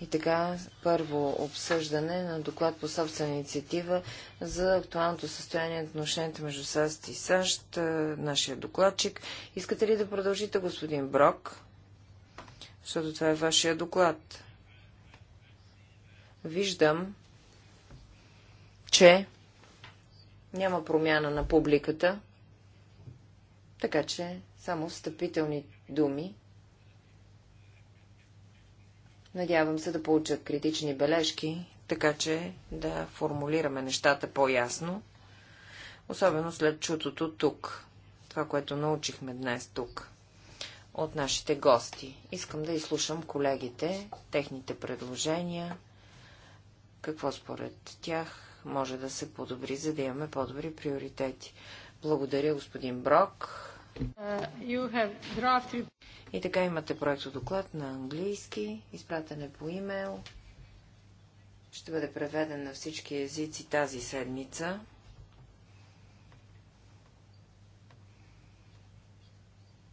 И така, първо обсъждане на доклад по собствена инициатива за актуалното състояние на отношенията между САЩ и САЩ, нашия докладчик. Искате ли да продължите, господин Брок? Защото това е вашия доклад. Виждам, че няма промяна на публиката, така че само встъпителни думи Надявам се да получат критични бележки, така че да формулираме нещата по-ясно, особено след чутото тук, това, което научихме днес тук от нашите гости. Искам да изслушам колегите, техните предложения, какво според тях може да се подобри, за да имаме по-добри приоритети. Благодаря, господин Брок. Uh, и така имате проект от доклад на английски, изпратен е по имейл. Ще бъде преведен на всички езици тази седмица.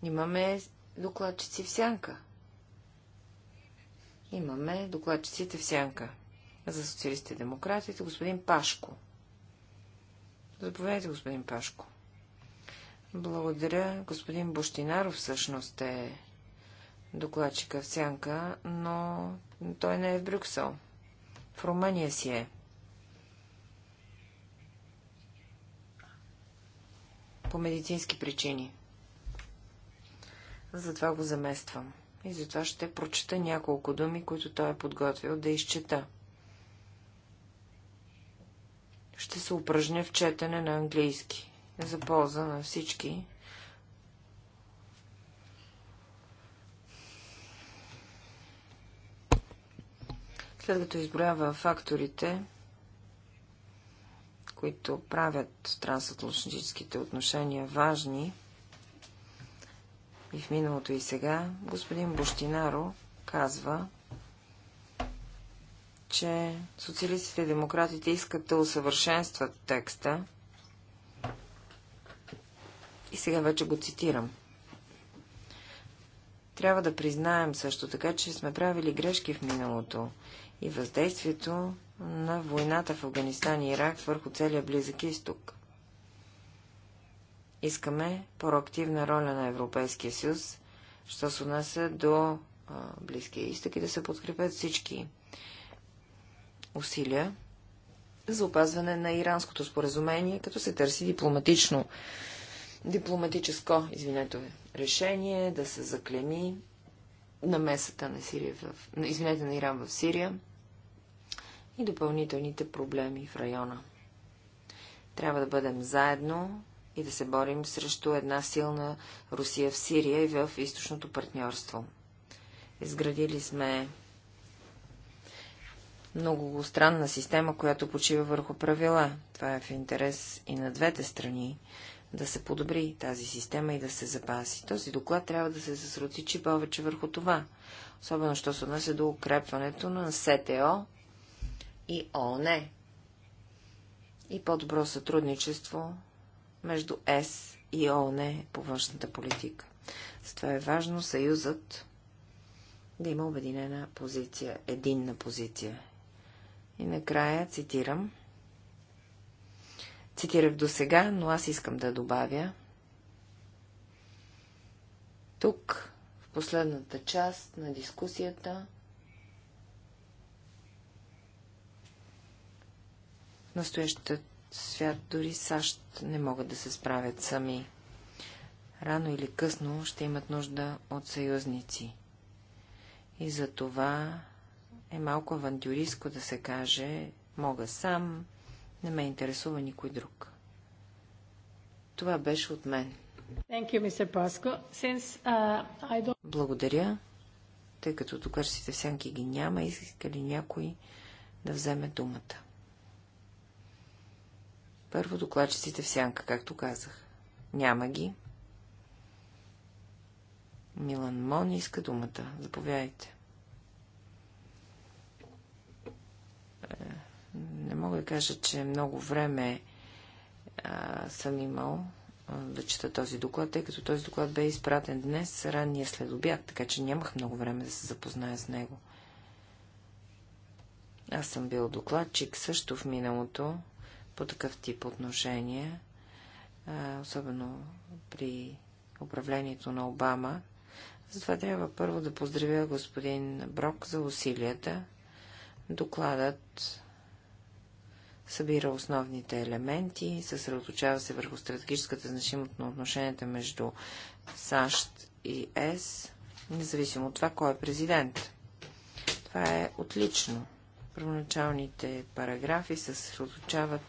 Имаме докладчици в сянка. Имаме докладчиците в сянка. За социалистите и демократите господин Пашко. Заповядайте, господин Пашко. Благодаря. Господин Бощинаров всъщност е докладчика в Сянка, но той не е в Брюксел. В Румъния си е. По медицински причини. Затова го замествам. И затова ще прочета няколко думи, които той е подготвил да изчета. Ще се упражня в четене на английски за полза на всички. След като изброява факторите, които правят трансатлантическите отношения важни, и в миналото и сега, господин Бощинаро казва, че социалистите и демократите искат да усъвършенстват текста, и сега вече го цитирам. Трябва да признаем също така, че сме правили грешки в миналото и въздействието на войната в Афганистан и Ирак върху целия Близък изток. Искаме проактивна роля на Европейския съюз, що се отнася до Близкия изток и да се подкрепят всички усилия за опазване на иранското споразумение, като се търси дипломатично дипломатическо, извинете, решение да се заклеми намесата на, Сирия в, извинете, на Иран в Сирия и допълнителните проблеми в района. Трябва да бъдем заедно и да се борим срещу една силна Русия в Сирия и в източното партньорство. Изградили сме многостранна система, която почива върху правила. Това е в интерес и на двете страни, да се подобри тази система и да се запаси. Този доклад трябва да се съсротичи повече върху това, особено що се отнася до укрепването на СТО и ООН и по-добро сътрудничество между ЕС и ООН по външната политика. Затова е важно съюзът да има обединена позиция, единна позиция. И накрая цитирам цитирах до сега, но аз искам да добавя. Тук, в последната част на дискусията, в настоящата свят дори САЩ не могат да се справят сами. Рано или късно ще имат нужда от съюзници. И за това е малко авантюристко да се каже «мога сам», не ме интересува никой друг. Това беше от мен. Thank you, Mr. Pasco. Since, uh, I don't... Благодаря. Тъй като си сянки ги няма, иска ли някой да вземе думата? Първо докладчиците в сянка, както казах. Няма ги. Милан Мон иска думата. Заповядайте. Не мога да кажа, че много време а, съм имал а, да чета този доклад, тъй като този доклад бе изпратен днес, ранния след обяд, така че нямах много време да се запозная с него. Аз съм бил докладчик също в миналото по такъв тип отношения, а, особено при управлението на Обама. Затова трябва първо да поздравя господин Брок за усилията. Докладът събира основните елементи, съсредоточава се върху стратегическата значимост на отношенията между САЩ и ЕС, независимо от това кой е президент. Това е отлично. Първоначалните параграфи се съсредоточават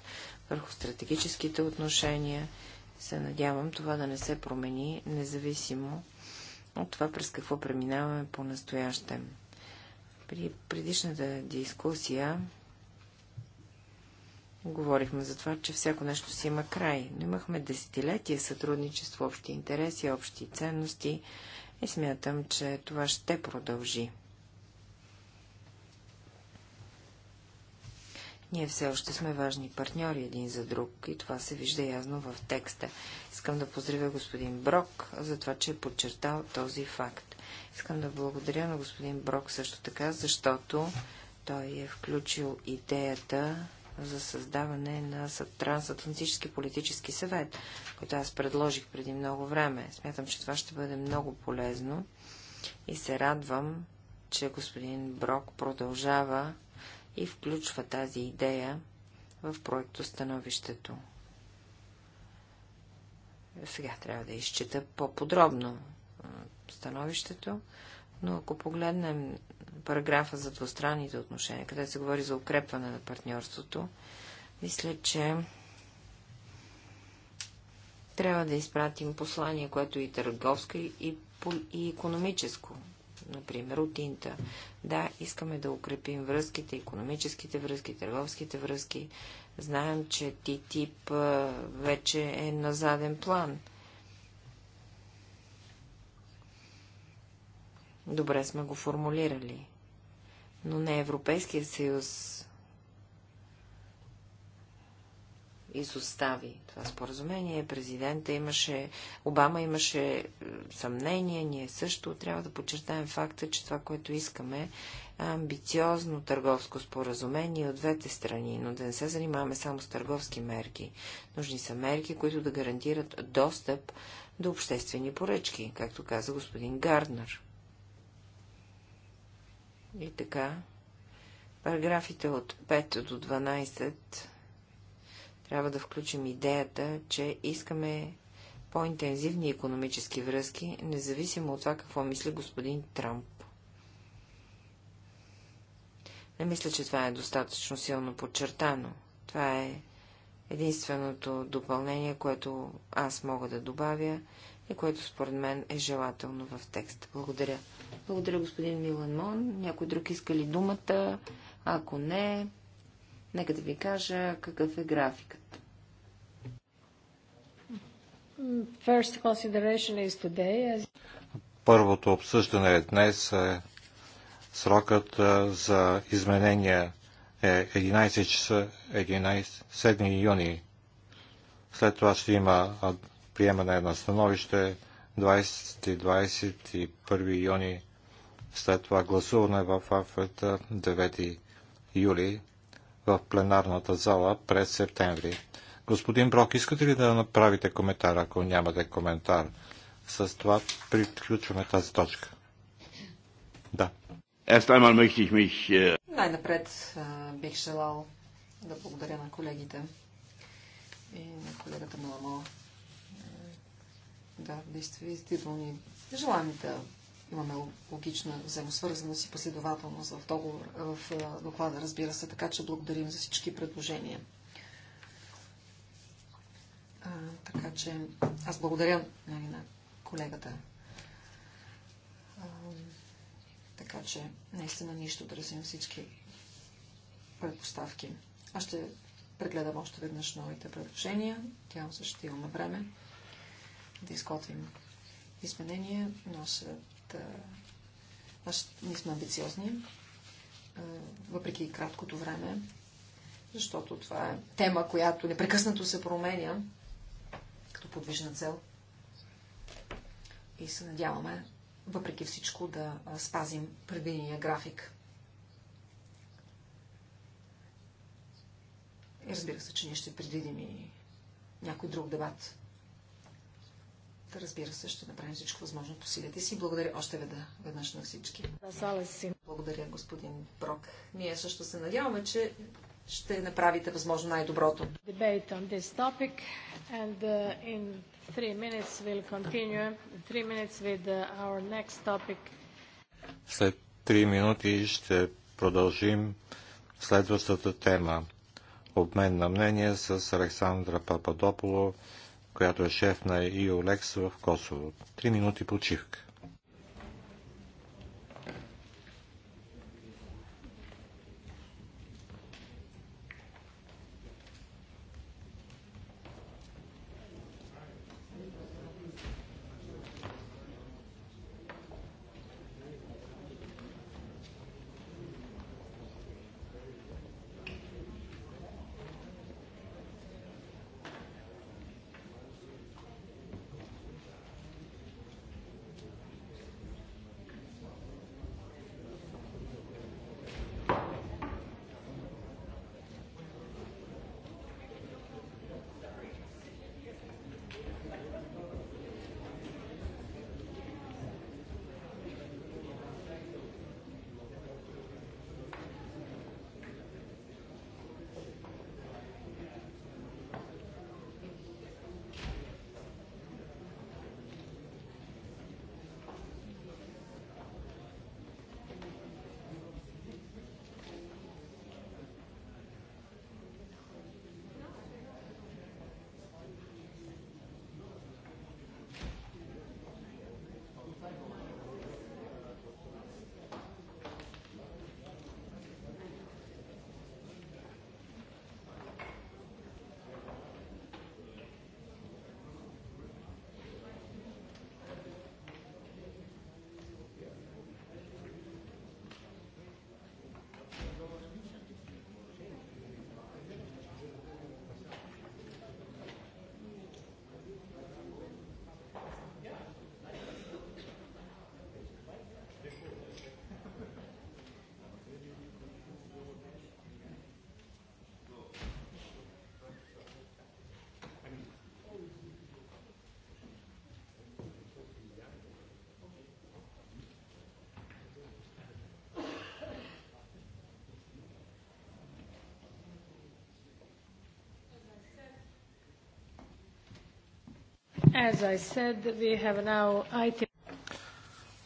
върху стратегическите отношения. Се надявам това да не се промени, независимо от това през какво преминаваме по-настоящем. При предишната дискусия Говорихме за това, че всяко нещо си има край, но имахме десетилетия сътрудничество, общи интереси, общи ценности и смятам, че това ще продължи. Ние все още сме важни партньори един за друг и това се вижда ясно в текста. Искам да поздравя господин Брок за това, че е подчертал този факт. Искам да благодаря на господин Брок също така, защото той е включил идеята за създаване на трансатлантически политически съвет, който аз предложих преди много време. Смятам, че това ще бъде много полезно и се радвам, че господин Брок продължава и включва тази идея в проекто становището. Сега трябва да изчита по-подробно становището, но ако погледнем параграфа за двустранните отношения, където се говори за укрепване на партньорството, мисля, че трябва да изпратим послание, което и търговско, и, и економическо, например, от Инта. Да, искаме да укрепим връзките, економическите връзки, търговските връзки. Знаем, че ТТИП вече е на заден план – Добре сме го формулирали. Но не Европейския съюз изостави това споразумение. Президента имаше, Обама имаше е, съмнение, ние също трябва да подчертаем факта, че това, което искаме е амбициозно търговско споразумение от двете страни, но да не се занимаваме само с търговски мерки. Нужни са мерки, които да гарантират достъп до обществени поръчки, както каза господин Гарднер. И така, параграфите от 5 до 12 трябва да включим идеята, че искаме по-интензивни економически връзки, независимо от това какво мисли господин Трамп. Не мисля, че това е достатъчно силно подчертано. Това е единственото допълнение, което аз мога да добавя и което според мен е желателно в текста. Благодаря. Благодаря, господин Милан Мон. Някой друг иска ли думата? Ако не, нека да ви кажа какъв е графикът. Първото обсъждане е днес. Е срокът е, за изменения е 11 часа 11, 7 юни. След това ще има приемане на становище 20-21 юни след това гласуване в Африт 9 юли в пленарната зала през септември. Господин Брок, искате ли да направите коментар, ако нямате коментар? С това приключваме тази точка. Да. Äh, Най-напред бих желал да благодаря на колегите и на колегата Маламо Да, действително ни желаем да Имаме логична взаимосвързаност и последователност в, договор, в доклада, разбира се, така че благодарим за всички предложения. А, така че аз благодаря нали, на колегата. А, така че наистина ние ще отразим всички предпоставки. Аз ще прегледам още веднъж новите предложения. Тя също ще имаме време да изготвим изменения, но се нашата... Е, Наш... Ние сме амбициозни, е, въпреки краткото време, защото това е тема, която непрекъснато се променя като подвижна цел. И се надяваме, въпреки всичко, да спазим предвидения график. И разбира се, че ние ще предвидим и някой друг дебат разбира се, ще направим всичко възможно по силите си. Благодаря още веда, веднъж на всички. Благодаря, господин Брок. Ние също се надяваме, че ще направите възможно най-доброто. Uh, uh, След три минути ще продължим следващата тема. Обмен на мнение с Александра Пападополо, която е шеф на ИОЛЕКС e в Косово. Три минути почивка.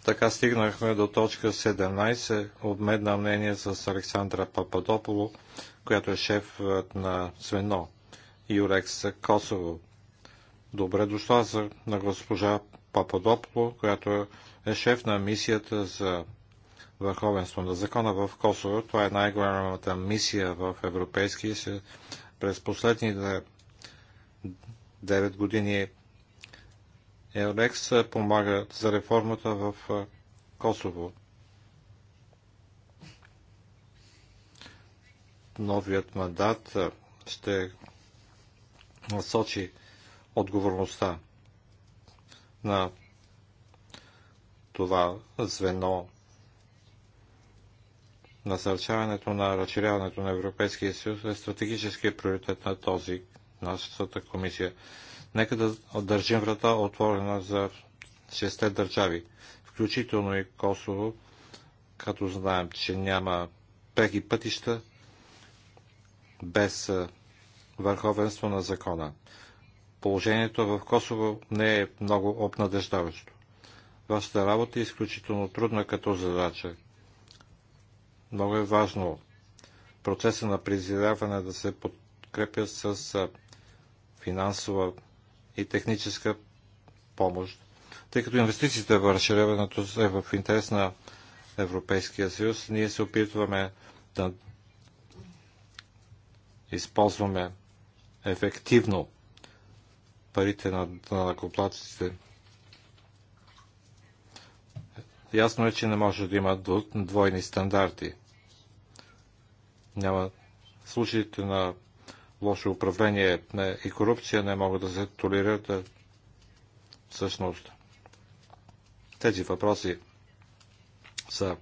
така стигнахме до точка 17, Обмедна мнение с Александра Пападополо, която е шеф на и Юрекс Косово. Добре дошла за, на госпожа Пападополо, която е шеф на мисията за върховенство на закона в Косово. Това е най-голямата мисия в Европейския съюз. През последните 9 години Елекс помага за реформата в Косово. Новият мандат ще насочи отговорността на това звено Насърчаването на разширяването на Европейския съюз е стратегическия приоритет на този, нашата комисия. Нека да държим врата отворена за шесте държави, включително и Косово, като знаем, че няма преки пътища без върховенство на закона. Положението в Косово не е много обнадеждаващо. Вашата работа е изключително трудна като задача. Много е важно процеса на презиряване да се подкрепя с финансова и техническа помощ, тъй като инвестициите в разширяването е в интерес на Европейския съюз, ние се опитваме да използваме ефективно парите на накоплатците. Ясно е, че не може да има двойни стандарти. Няма случаите на лошо управление и корупция не могат да се толерират всъщност. Тези въпроси са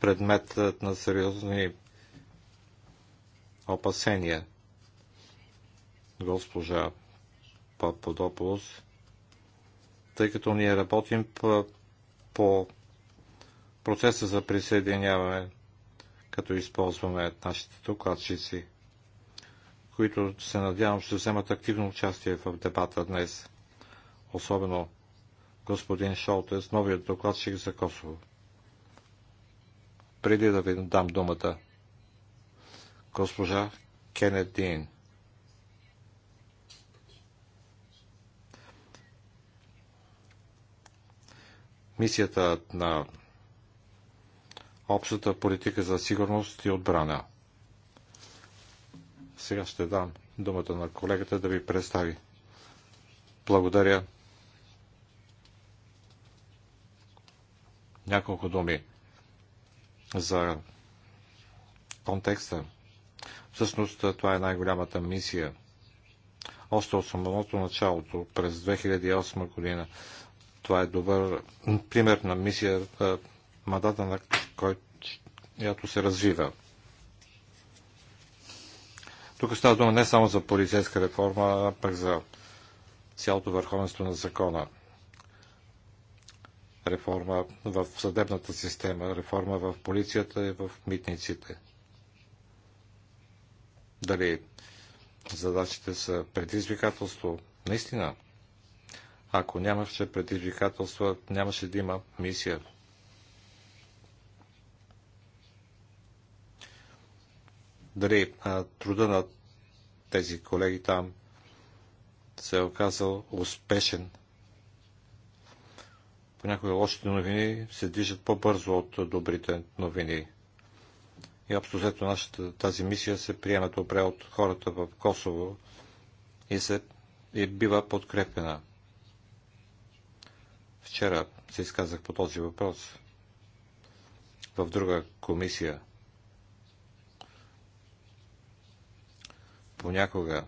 предмет на сериозни опасения. Госпожа Пападополос, тъй като ние работим по, по процеса за присъединяване, като използваме нашите докладчици които се надявам ще вземат активно участие в дебата днес, особено господин Шолтес, новият докладчик за Косово. Преди да ви дам думата, госпожа Кенедин Мисията на общата политика за сигурност и отбрана – сега ще дам думата на колегата да ви представи. Благодаря. Няколко думи за контекста. Всъщност това е най-голямата мисия. Още от самото началото, през 2008 година, това е добър пример на мисия, мандата на който се развива. Тук става дума не само за полицейска реформа, а пък за цялото върховенство на закона. Реформа в съдебната система, реформа в полицията и в митниците. Дали задачите са предизвикателство? Наистина, ако нямаше предизвикателства, нямаше да има мисия дали а, труда на тези колеги там се е оказал успешен. Понякога лошите новини се движат по-бързо от добрите новини. И общо нашата тази мисия се приема добре от хората в Косово и, се, и бива подкрепена. Вчера се изказах по този въпрос в друга комисия – понякога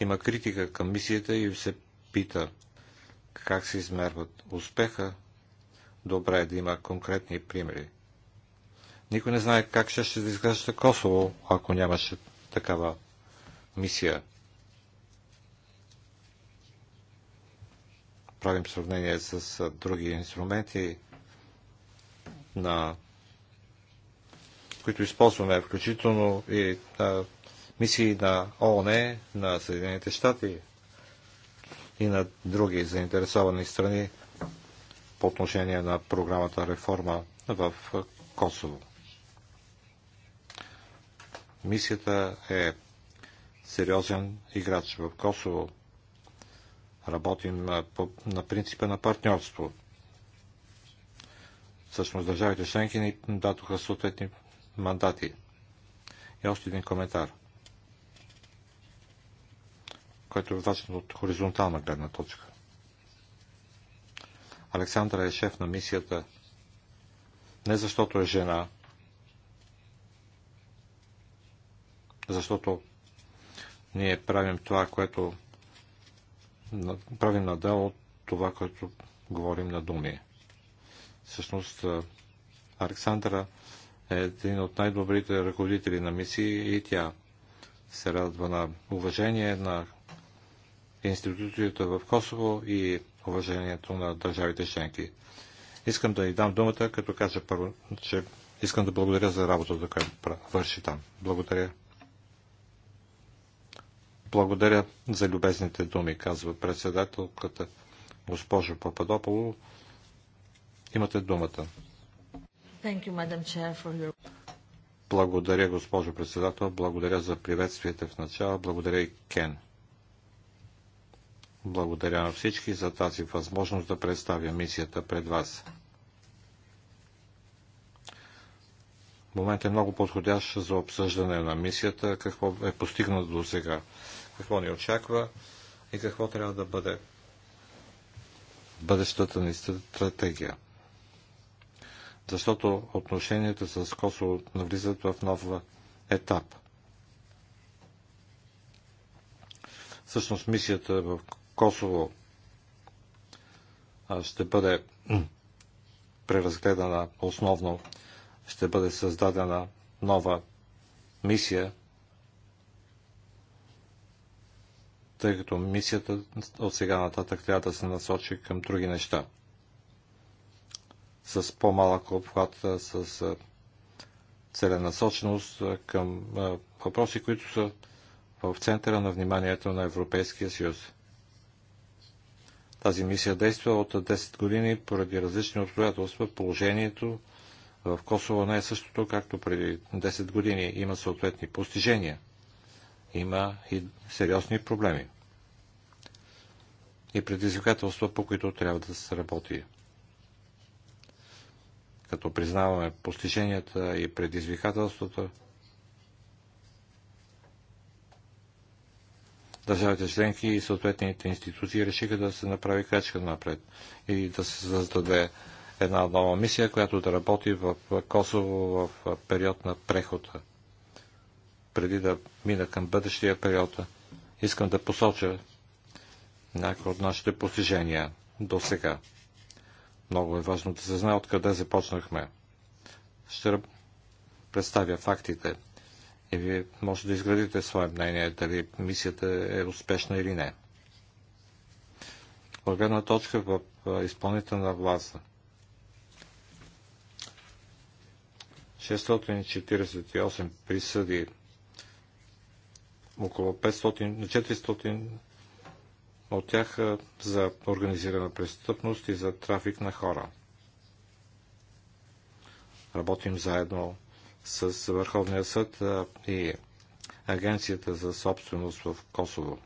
има критика към мисията и се пита как се измерват успеха. Добре е да има конкретни примери. Никой не знае как ще ще изглежда Косово, ако нямаше такава мисия. Правим сравнение с други инструменти на които използваме, включително и а, мисии на ООН, на Съединените щати и на други заинтересовани страни по отношение на програмата реформа в Косово. Мисията е сериозен играч в Косово. Работим на, на принципа на партньорство. Всъщност държавите членки ни дадоха съответни мандати. И още един коментар, който е важен от хоризонтална гледна точка. Александра е шеф на мисията не защото е жена, защото ние правим това, което правим на дело от това, което говорим на думи. Всъщност, Александра е един от най-добрите ръководители на мисии и тя се радва на уважение на институцията в Косово и уважението на държавите членки. Искам да й дам думата, като кажа първо, че искам да благодаря за работата, която върши там. Благодаря. Благодаря за любезните думи, казва председателката госпожо Пападополо. Имате думата благодаря, госпожо председател. Благодаря за приветствията в начало. Благодаря и Кен. Благодаря на всички за тази възможност да представя мисията пред вас. Момент е много подходящ за обсъждане на мисията, какво е постигнато до сега, какво ни очаква и какво трябва да бъде бъдещата ни стратегия защото отношенията с Косово навлизат в нов етап. Всъщност мисията в Косово ще бъде преразгледана основно, ще бъде създадена нова мисия, тъй като мисията от сега нататък трябва да се насочи към други неща с по-малък обхват, с целенасоченост към въпроси, които са в центъра на вниманието на Европейския съюз. Тази мисия действа от 10 години поради различни обстоятелства. Положението в Косово не е същото, както преди 10 години. Има съответни постижения. Има и сериозни проблеми. И предизвикателства, по които трябва да се работи като признаваме постиженията и предизвикателството, държавите членки и съответните институции решиха да се направи крачка напред и да се създаде една нова мисия, която да работи в Косово в период на прехода. Преди да мина към бъдещия период, искам да посоча някои от нашите постижения до сега. Много е важно да се знае откъде започнахме. Ще представя фактите и вие може да изградите свое мнение дали мисията е успешна или не. Огледна точка в изпълнителна власт. 648 присъди, около 500, 400 от тях за организирана престъпност и за трафик на хора. Работим заедно с Върховния съд и Агенцията за собственост в Косово.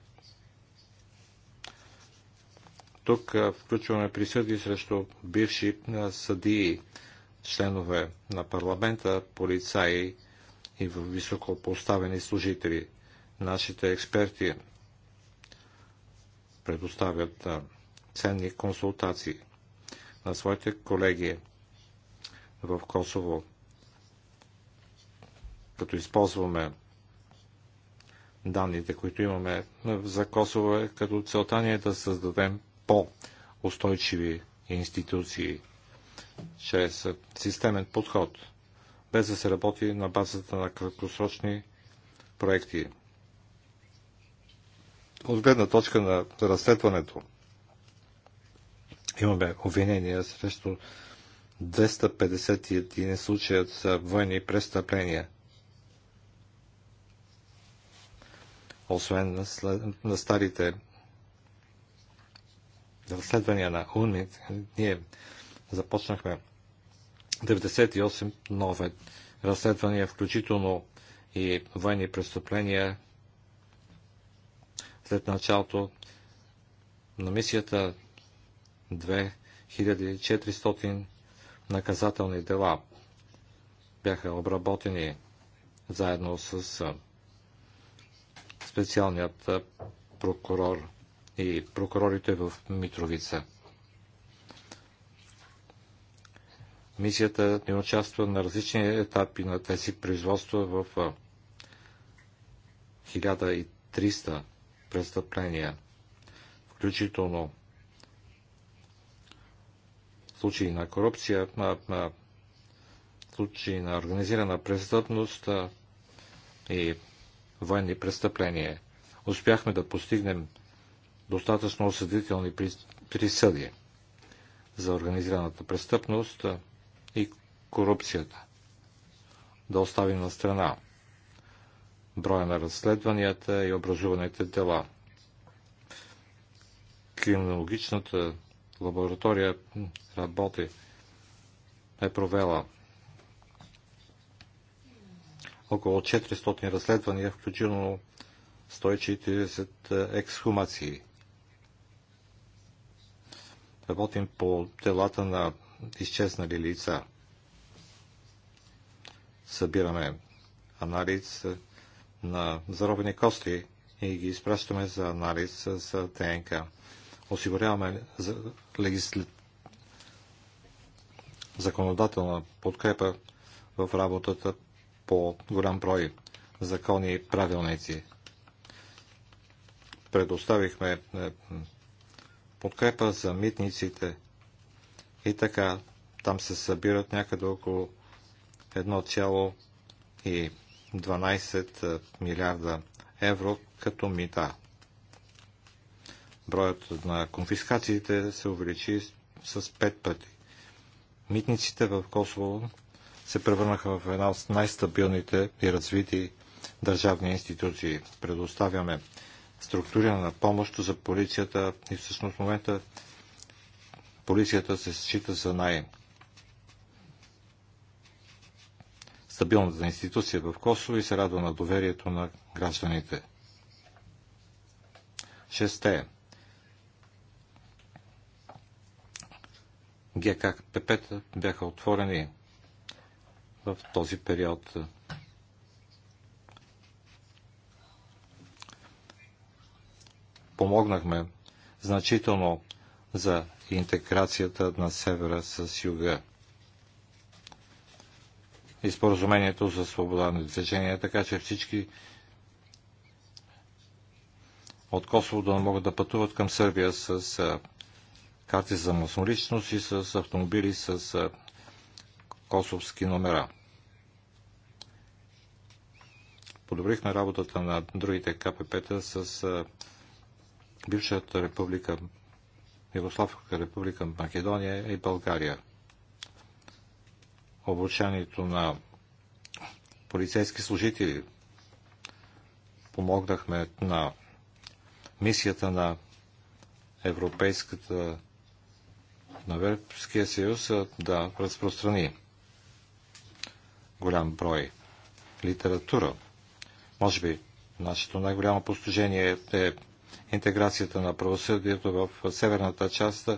Тук включваме присъди срещу бивши съдии, членове на парламента, полицаи и високопоставени служители. Нашите експерти предоставят ценни консултации на своите колеги в Косово, като използваме данните, които имаме за Косово, е като целта ни е да създадем по-устойчиви институции чрез системен подход, без да се работи на базата на краткосрочни проекти от гледна точка на разследването. Имаме обвинения срещу 251 случая за военни престъпления. Освен на, след... на старите разследвания на УНИ, ние започнахме 98 нови разследвания, включително и военни престъпления след началото на мисията 2400 наказателни дела бяха обработени заедно с специалният прокурор и прокурорите в Митровица. Мисията ни участва на различни етапи на тези производства в 1300 престъпления, включително случаи на корупция, на, на случаи на организирана престъпност и военни престъпления. Успяхме да постигнем достатъчно осъдителни присъди за организираната престъпност и корупцията. Да оставим на страна броя на разследванията и образуваните дела. Криминологичната лаборатория работи е провела около 400 разследвания, включително 140 е, ексхумации. Работим по телата на изчезнали лица. Събираме анализ, на заробени кости и ги изпращаме за анализ с ДНК. Осигуряваме легисли... законодателна подкрепа в работата по голям брой закони и правилници. Предоставихме е, подкрепа за митниците и така там се събират някъде около 1,5 12 е, милиарда евро като мита. Броят на конфискациите се увеличи с 5 пъти. Митниците в Косово се превърнаха в една от най-стабилните и развити държавни институции. Предоставяме структурирана помощ за полицията и всъщност в момента полицията се счита за най- стабилната институция в Косово и се радва на доверието на гражданите. Шесте. ГКПП-та бяха отворени в този период. Помогнахме значително за интеграцията на севера с юга и споразумението за свобода на движение, така че всички от Косово да могат да пътуват към Сърбия с карти за масноличност и с автомобили с косовски номера. Подобрихме работата на другите КПП-та с бившата република Югославска република Македония и България обучението на полицейски служители. Помогнахме на мисията на Европейската на Европейския съюз да разпространи голям брой литература. Може би нашето най-голямо постижение е интеграцията на правосъдието в северната част.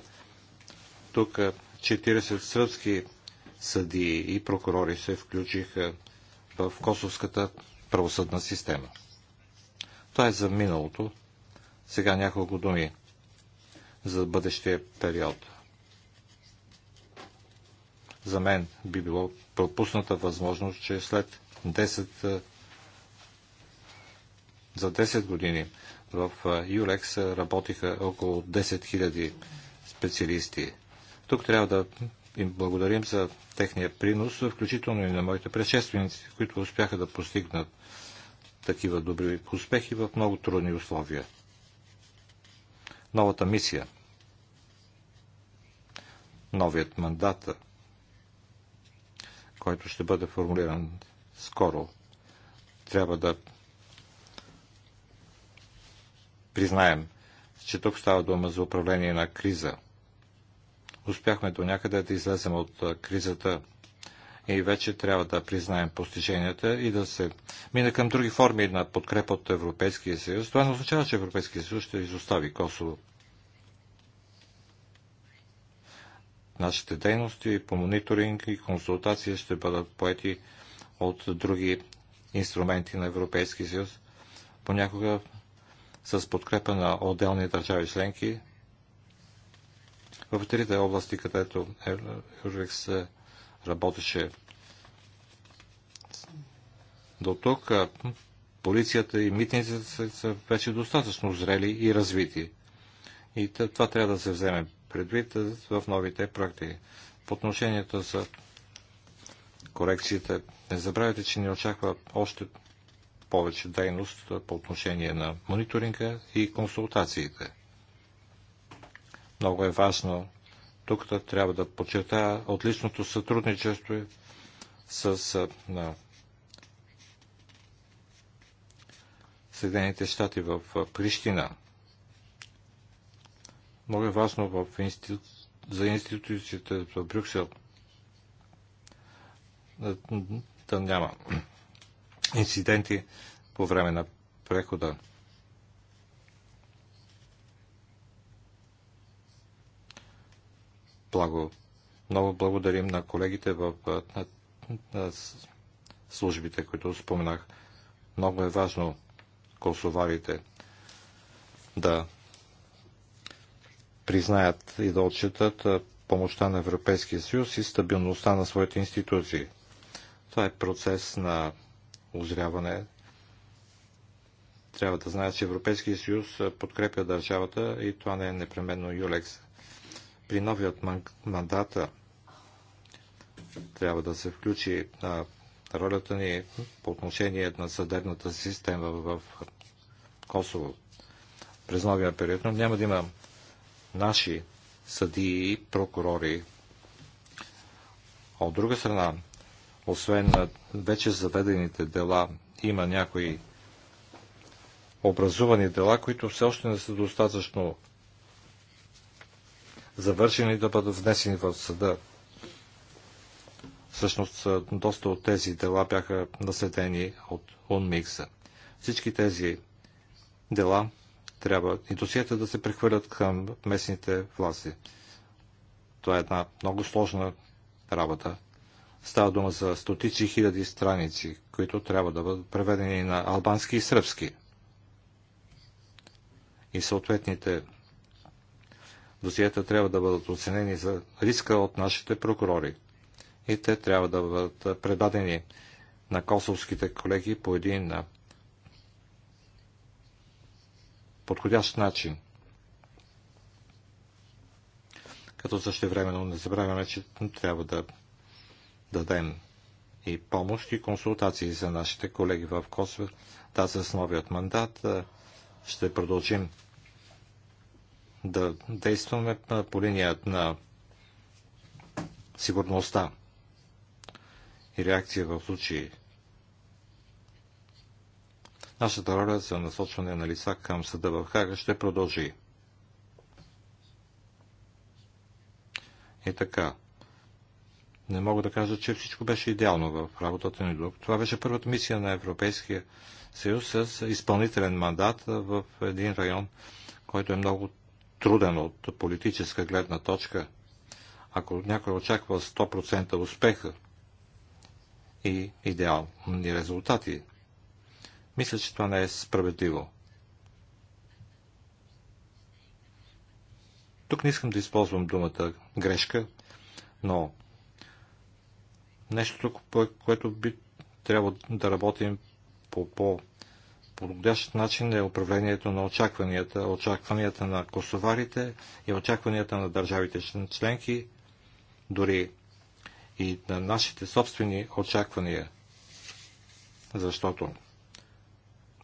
Тук 40 сръбски съдии и прокурори се включиха в косовската правосъдна система. Това е за миналото. Сега няколко думи за бъдещия период. За мен би било пропусната възможност, че след 10 за 10 години в ЮРЕКС работиха около 10 000 специалисти. Тук трябва да им благодарим за техния принос, включително и на моите предшественици, които успяха да постигнат такива добри успехи в много трудни условия. Новата мисия, новият мандат, който ще бъде формулиран скоро, трябва да признаем, че тук става дума за управление на криза – успяхме до някъде да излезем от кризата и вече трябва да признаем постиженията и да се мине към други форми на подкрепа от Европейския съюз. Това не означава, че Европейския съюз ще изостави Косово. Нашите дейности по мониторинг и консултация ще бъдат поети от други инструменти на Европейския съюз, понякога с подкрепа на отделни държави членки, в трите области, където Юрикс работеше до тук, полицията и митниците са, са вече достатъчно зрели и развити. И това трябва да се вземе предвид в новите практики. По отношението за корекцията, не забравяйте, че ни очаква още повече дейност по отношение на мониторинга и консултациите. Много е важно. Тук да трябва да подчертая отличното сътрудничество с на Съединените щати в Прищина. Много е важно в институ... за институциите в Брюксел да, да няма инциденти по време на прехода. Благо, много благодарим на колегите в на, на службите, които споменах. Много е важно косоварите да признаят и да отчитат помощта на Европейския съюз и стабилността на своите институции. Това е процес на озряване. Трябва да знаят, че Европейския съюз подкрепя държавата и това не е непременно Юлекс при новият мандат трябва да се включи а, ролята ни по отношение на съдебната система в Косово през новия период, но няма да има наши съдии и прокурори. от друга страна, освен на вече заведените дела, има някои образувани дела, които все още не са достатъчно завършени да бъдат внесени в съда. Всъщност, доста от тези дела бяха наследени от Унмикса. Всички тези дела трябва и досията да се прехвърлят към местните власти. Това е една много сложна работа. Става дума за стотици хиляди страници, които трябва да бъдат преведени на албански и сръбски. И съответните досията трябва да бъдат оценени за риска от нашите прокурори. И те трябва да бъдат предадени на косовските колеги по един подходящ начин. Като същевременно не забравяме, че трябва да дадем и помощ и консултации за нашите колеги в Косово. Да, с новият мандат ще продължим да действаме по линия на сигурността и реакция в случаи. Нашата роля за насочване на лица към съда в Хага ще продължи. И така. Не мога да кажа, че всичко беше идеално в работата ни. Това беше първата мисия на Европейския съюз с изпълнителен мандат в един район, който е много труден от политическа гледна точка. Ако някой очаква 100% успеха и идеални резултати, мисля, че това не е справедливо. Тук не искам да използвам думата грешка, но нещо, което би трябвало да работим по по подходящ начин е управлението на очакванията, очакванията на косоварите и очакванията на държавите членки, дори и на нашите собствени очаквания, защото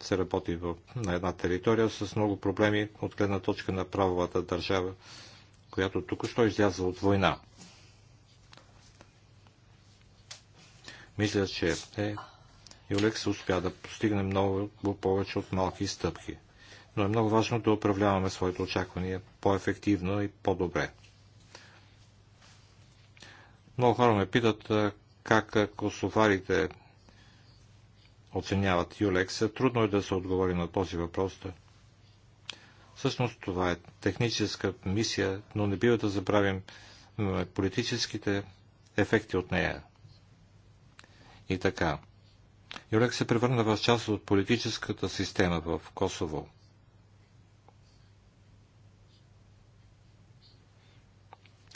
се работи в, на една територия с много проблеми от гледна точка на правовата държава, която тук що излязва от война. Мисля, че е и се успя да постигне много повече от малки стъпки. Но е много важно да управляваме своите очаквания по-ефективно и по-добре. Много хора ме питат как косоварите оценяват Юлекса. Трудно е да се отговори на този въпрос. Всъщност това е техническа мисия, но не бива да забравим политическите ефекти от нея. И така, Юрек се превърна в част от политическата система в Косово.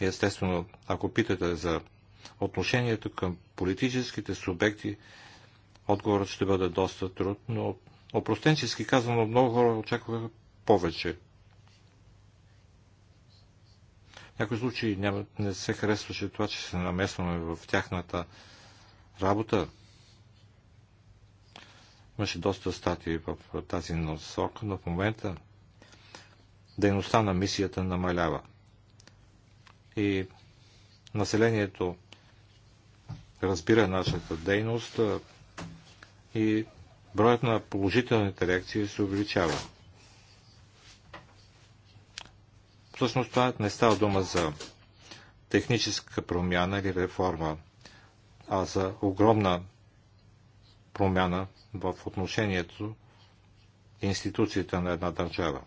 Естествено, ако питате за отношението към политическите субекти, отговорът ще бъде доста труд, но опростенчески казано, много хора очакваха повече. В някои случаи не се харесваше това, че се намесваме в тяхната работа, Имаше доста статии в тази насока, но в момента дейността на мисията намалява. И населението разбира нашата дейност и броят на положителните реакции се увеличава. Всъщност това не става дума за техническа промяна или реформа, а за огромна промяна в отношението институцията на една държава.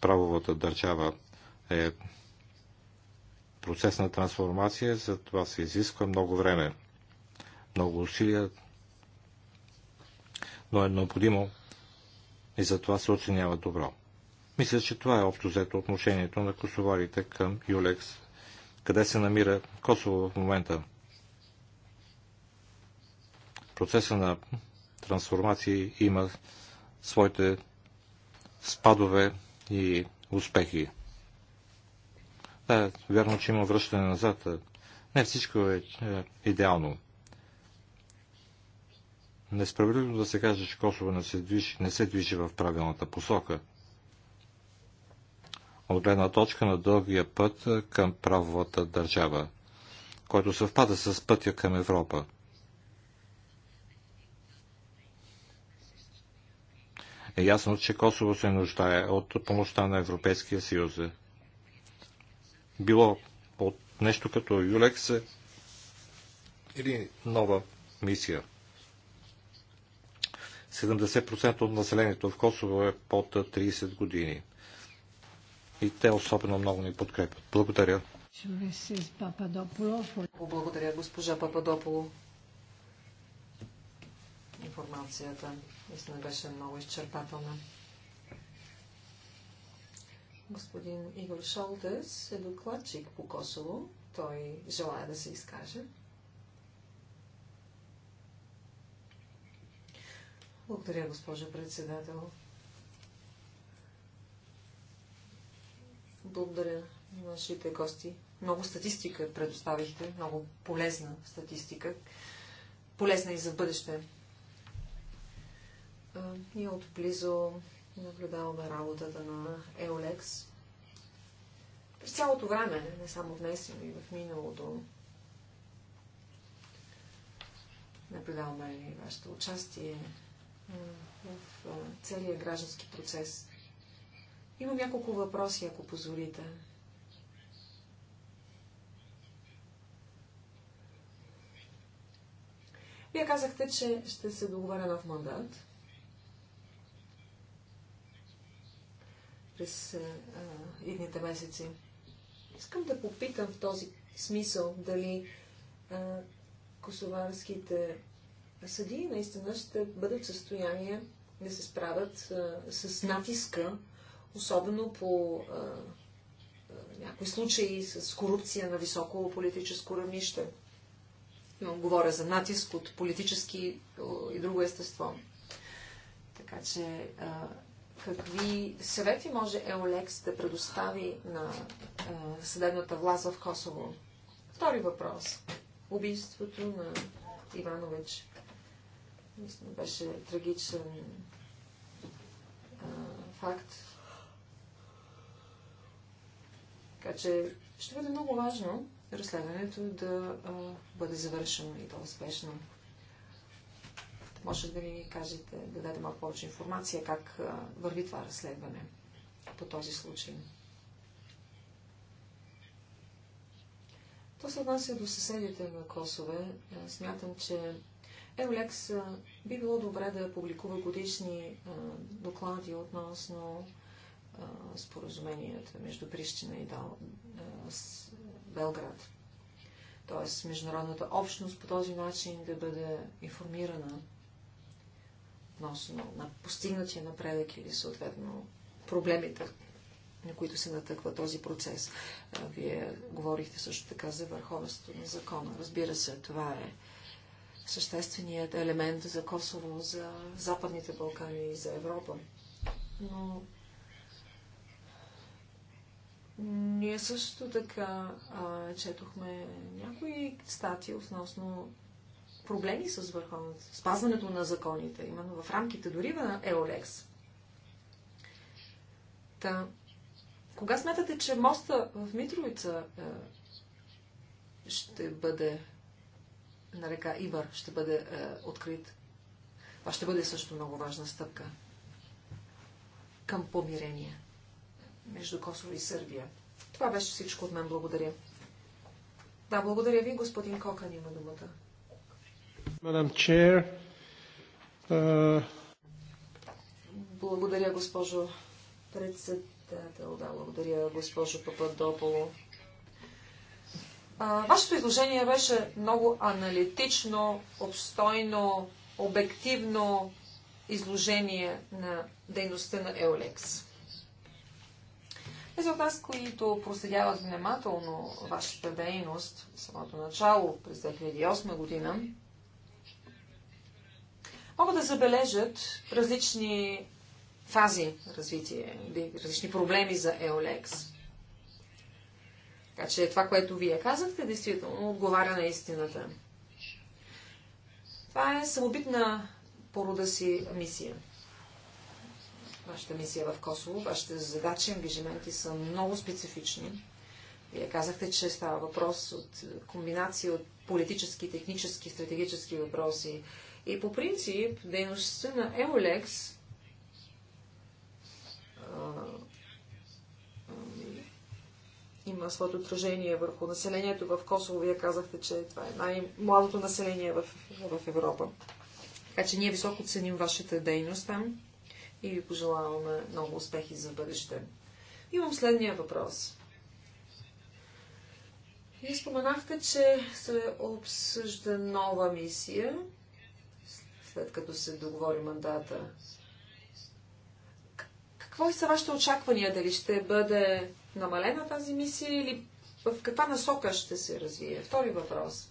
Правовата държава е процес на трансформация, за това се изисква много време, много усилия, но е необходимо и за това се оценява добро. Мисля, че това е общо взето отношението на косоварите към Юлекс. Къде се намира Косово в момента? процеса на трансформации има своите спадове и успехи. Да, вярно, че има връщане назад. Не всичко е, е идеално. Несправедливо да се каже, че Косово не се движи, не се движи в правилната посока. От гледна точка на дългия път към правовата държава, който съвпада с пътя към Европа. е ясно, че Косово се нуждае от помощта на Европейския съюз. Било от нещо като Юлекс или нова мисия. 70% от населението в Косово е под 30 години. И те особено много ни подкрепят. Благодаря. Благодаря, госпожа Пападополо. Информацията. Наистина беше много изчерпателна. Господин Игор Шолтес е докладчик по Косово. Той желая да се изкаже. Благодаря, госпожо председател. Благодаря на нашите гости. Много статистика предоставихте, много полезна статистика. Полезна и за бъдеще. Ние отблизо наблюдаваме работата на Еолекс. През цялото време, не само днес, но и в миналото, наблюдаваме и вашето участие в целия граждански процес. Имам няколко въпроси, ако позволите. Вие казахте, че ще се договаря нов мандат. през идните месеци. Искам да попитам в този смисъл дали а, косоварските съдии наистина ще бъдат в състояние да се справят а, с натиска, особено по а, някои случаи с корупция на високо политическо равнище. Но говоря за натиск от политически и друго естество. Така че какви съвети може Еолекс да предостави на е, съдебната власт в Косово? Втори въпрос. Убийството на Иванович. Мисля, беше трагичен а, е, факт. Така че ще бъде много важно разследването да а, е, бъде завършено и то успешно. Може да ни кажете, да дадете малко повече информация, как върви това разследване по този случай. То се отнася до съседите на Косове. Смятам, че Еолекс би било добре да публикува годишни доклади относно споразуменията между Прищина и Дал... Белград. Тоест, международната общност по този начин да бъде информирана относно на постигнатия напредък или съответно проблемите, на които се натъква този процес. Вие говорихте също така за върховенството на закона. Разбира се, това е същественият елемент за Косово, за Западните Балкани и за Европа. Но ние също така а, четохме някои статии относно проблеми с върховното, спазването на законите, именно в рамките дори на Еолекс. Та, кога смятате, че моста в Митровица е, ще бъде на река Ибър, ще бъде е, открит? Това ще бъде също много важна стъпка към помирение между Косово и Сърбия. Това беше всичко от мен. Благодаря. Да, благодаря ви, господин Кокан има думата. Uh, благодаря, госпожо председател. Да, благодаря, госпожо Пападополо. Вашето изложение беше много аналитично, обстойно, обективно изложение на дейността на Еолекс. Тези от нас, които проследяват внимателно вашата дейност в самото начало през 2008 година, могат да забележат различни фази развитие, различни проблеми за Еолекс. Така че това, което вие казахте, действително отговаря на истината. Това е самобитна порода си мисия. Вашата мисия в Косово, вашите задачи и ангажименти са много специфични. Вие казахте, че става въпрос от комбинация от политически, технически, стратегически въпроси, и по принцип дейността на Еолекс има своето отражение върху населението в Косово. Вие казахте, че това е най-младото население в, в Европа. Така че ние високо ценим вашата дейност там и ви пожелаваме много успехи за бъдеще. Имам следния въпрос. Вие споменахте, че се обсъжда нова мисия след като се договори мандата. Какво са вашите очаквания? Дали ще бъде намалена тази мисия или в каква насока ще се развие? Втори въпрос.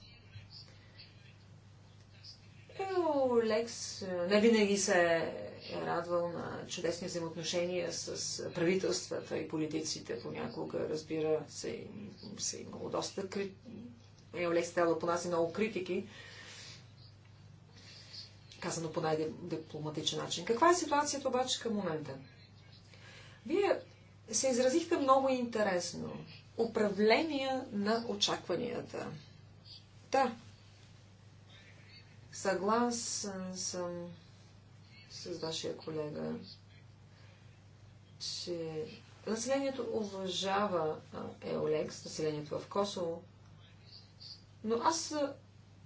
Лекс е, не винаги се е радвал на чудесни взаимоотношения с правителствата и политиците. Понякога, разбира се, се имало доста крит... Лекс трябва да понаси много критики, казано по най-дипломатичен начин. Каква е ситуацията обаче към момента? Вие се изразихте много интересно. Управление на очакванията. Да. Съгласен съм с вашия колега, че населението уважава Еолекс, населението в Косово, но аз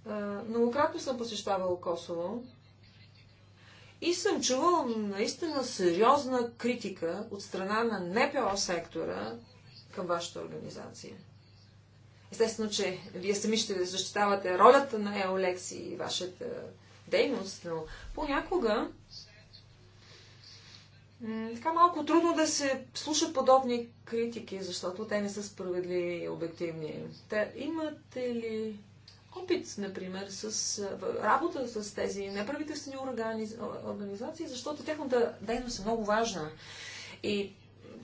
а, многократно съм посещавал Косово и съм чувал наистина сериозна критика от страна на НПО сектора към вашата организация. Естествено, че вие сами ще защитавате ролята на Еолекс и вашата дейност, но понякога така малко трудно да се слушат подобни критики, защото те не са справедливи и обективни. Те имате ли опит, например, с работа с тези неправителствени организации, защото тяхната дейност е много важна. И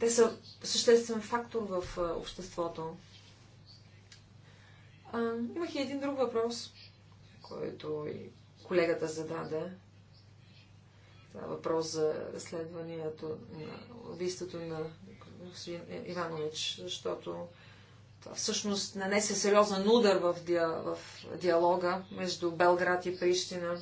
те са съществен фактор в обществото. А, имах и един друг въпрос, който и колегата зададе. Това е въпрос за разследването на убийството на господин Иванович, защото всъщност нанесе сериозен удар в, диа... в диалога между Белград и Прищина.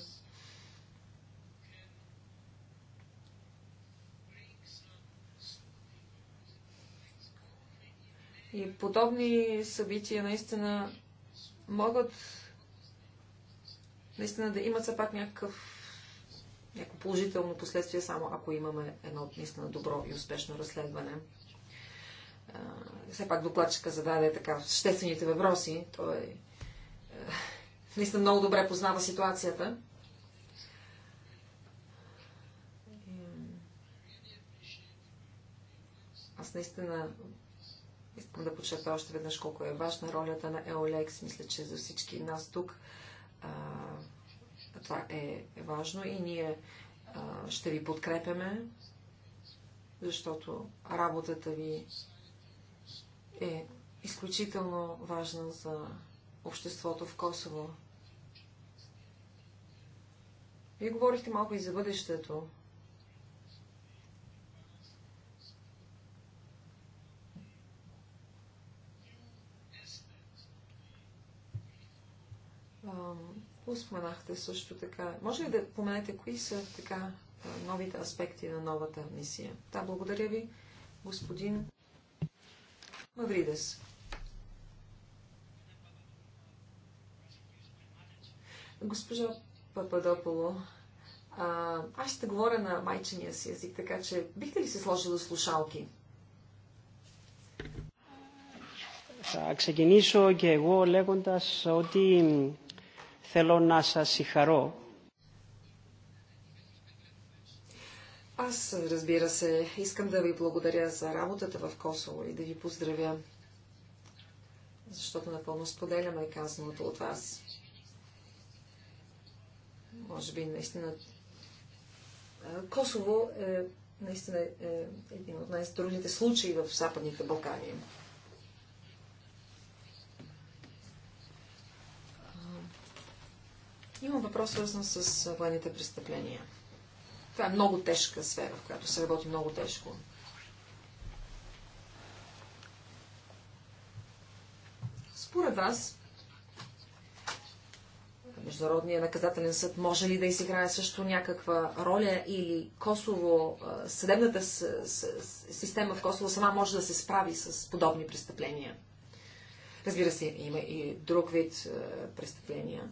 И подобни събития наистина могат наистина да имат все пак някакъв някакво положително последствие, само ако имаме едно наистина добро и успешно разследване все пак докладчика зададе така съществените въпроси. Той е, е, наистина много добре познава ситуацията. Аз наистина искам да подчертая още веднъж колко е важна ролята на Еолекс. Мисля, че за всички нас тук а, това е, е важно и ние а, ще ви подкрепяме, защото работата ви е изключително важна за обществото в Косово. Вие говорихте малко и за бъдещето. Споменахте също така. Може ли да поменете кои са така новите аспекти на новата мисия? Да, благодаря ви, господин Мавридес. Госпожа Пападополо, а, аз ще говоря на майчения си език, така че бихте ли се сложили слушалки? Θα ξεκινήσω και εγώ λέγοντας ότι θέλω να σας συγχαρώ Аз, разбира се, искам да ви благодаря за работата в Косово и да ви поздравя, защото напълно споделяме казаното от вас. Може би наистина е, Косово е наистина е един от най-трудните случаи в Западните Балкани. Имам въпрос, свързан с военните престъпления. Това е много тежка сфера, в която се работи много тежко. Според вас, Международния наказателен съд може ли да изиграе също някаква роля или Косово, съдебната система в Косово сама може да се справи с подобни престъпления? Разбира се, има и друг вид престъпления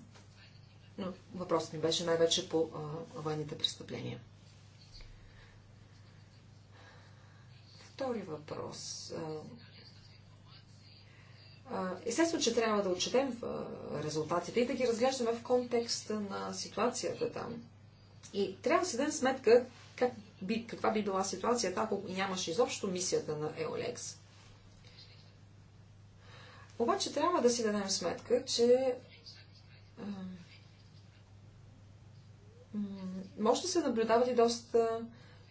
но въпросът ми беше най-вече по а, военните престъпления. Втори въпрос. Естествено, че трябва да отчетем резултатите и да ги разглеждаме в контекста на ситуацията там. И трябва да си дадем сметка как би, каква би била ситуацията, ако нямаше изобщо мисията на Еолекс. Обаче трябва да си дадем сметка, че може да се наблюдават и доста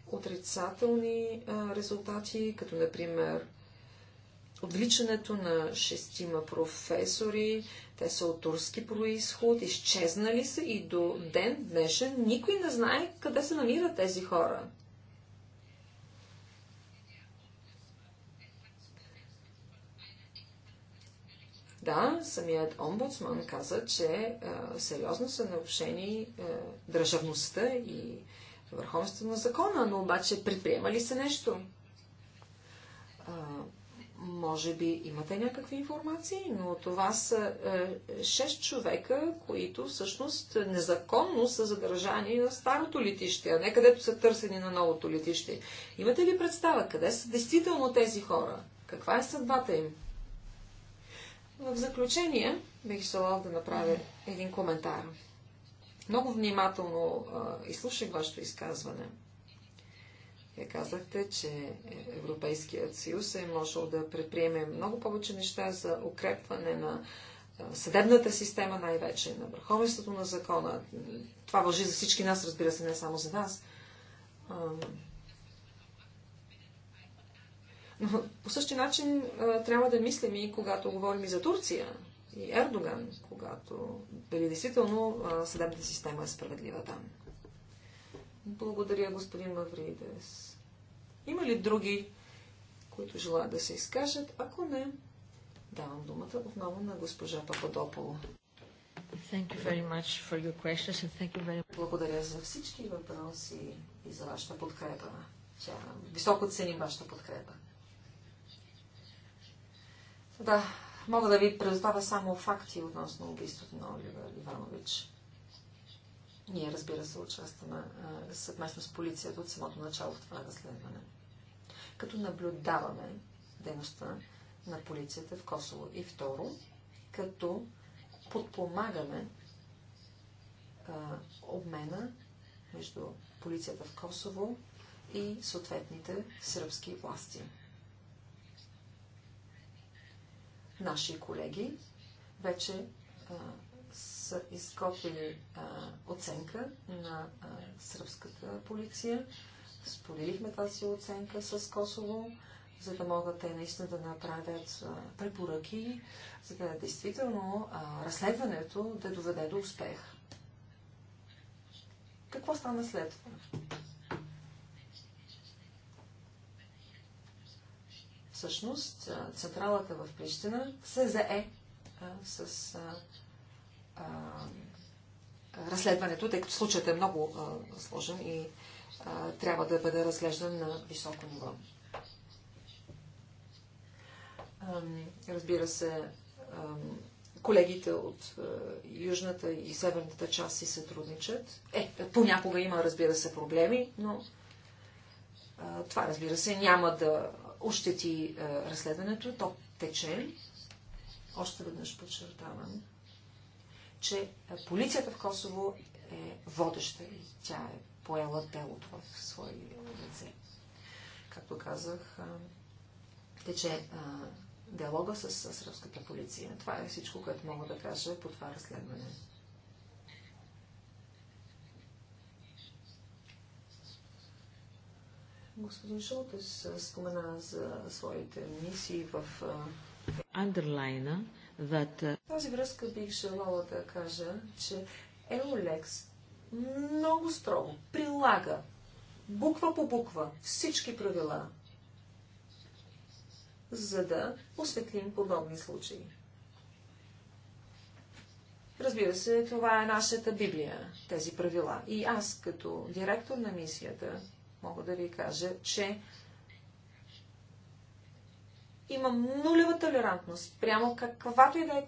отрицателни резултати, като например отвличането на шестима професори, те са от турски происход, изчезнали са и до ден днешен никой не знае къде се намират тези хора. Да, самият омбудсман каза, че а, сериозно са нарушени а, държавността и върховността на закона, но обаче предприема ли се нещо? А, може би имате някакви информации, но това са а, 6 човека, които всъщност незаконно са задържани на старото летище, а не където са търсени на новото летище. Имате ли представа къде са действително тези хора? Каква е съдбата им? В заключение бих желал да направя един коментар. Много внимателно а, изслушах вашето изказване. Вие казахте, че Европейският съюз е можел да предприеме много повече неща за укрепване на съдебната система, най-вече на върховенството на закона. Това въжи за всички нас, разбира се, не само за нас. По същия начин трябва да мислим и когато говорим и за Турция и Ердоган, когато дали действително съдебната система е справедлива там. Благодаря, господин Мавридес. Има ли други, които желаят да се изкажат? Ако не, давам думата отново на госпожа Пападополо. Very... Благодаря за всички въпроси и за вашата подкрепа. Тя високо цени вашата подкрепа. Да, мога да ви предоставя само факти относно убийството на Олива Иванович. Ние, разбира се, участваме съвместно с полицията от самото начало в това разследване. Като наблюдаваме дейността на полицията в Косово. И второ, като подпомагаме а, обмена между полицията в Косово и съответните сръбски власти. Наши колеги вече а, са изготвили а, оценка на а, сръбската полиция. Споделихме тази оценка с Косово, за да могат те наистина да направят а, препоръки, за да действително а, разследването да доведе до успех. Какво стана след това? всъщност централата в Прищина се зае с а, а, разследването, тъй като случаят е много а, сложен и а, трябва да бъде разглеждан на високо ниво. разбира се, колегите от южната и северната част си сътрудничат. Е, понякога има, разбира се, проблеми, но това, разбира се, няма да ощети е, разследването, то тече. Още веднъж подчертавам, че е, полицията в Косово е водеща и тя е поела делото в свои лице. Както казах, е, тече диалога с сръбската полиция. Това е всичко, което мога да кажа по това разследване. Господин Шолтес спомена за своите мисии в... Андерлайна. that... В тази връзка бих желала да кажа, че Еолекс много строго прилага буква по буква всички правила, за да осветлим подобни случаи. Разбира се, това е нашата Библия, тези правила. И аз, като директор на мисията, мога да ви кажа, че има нулева толерантност прямо каквато и да е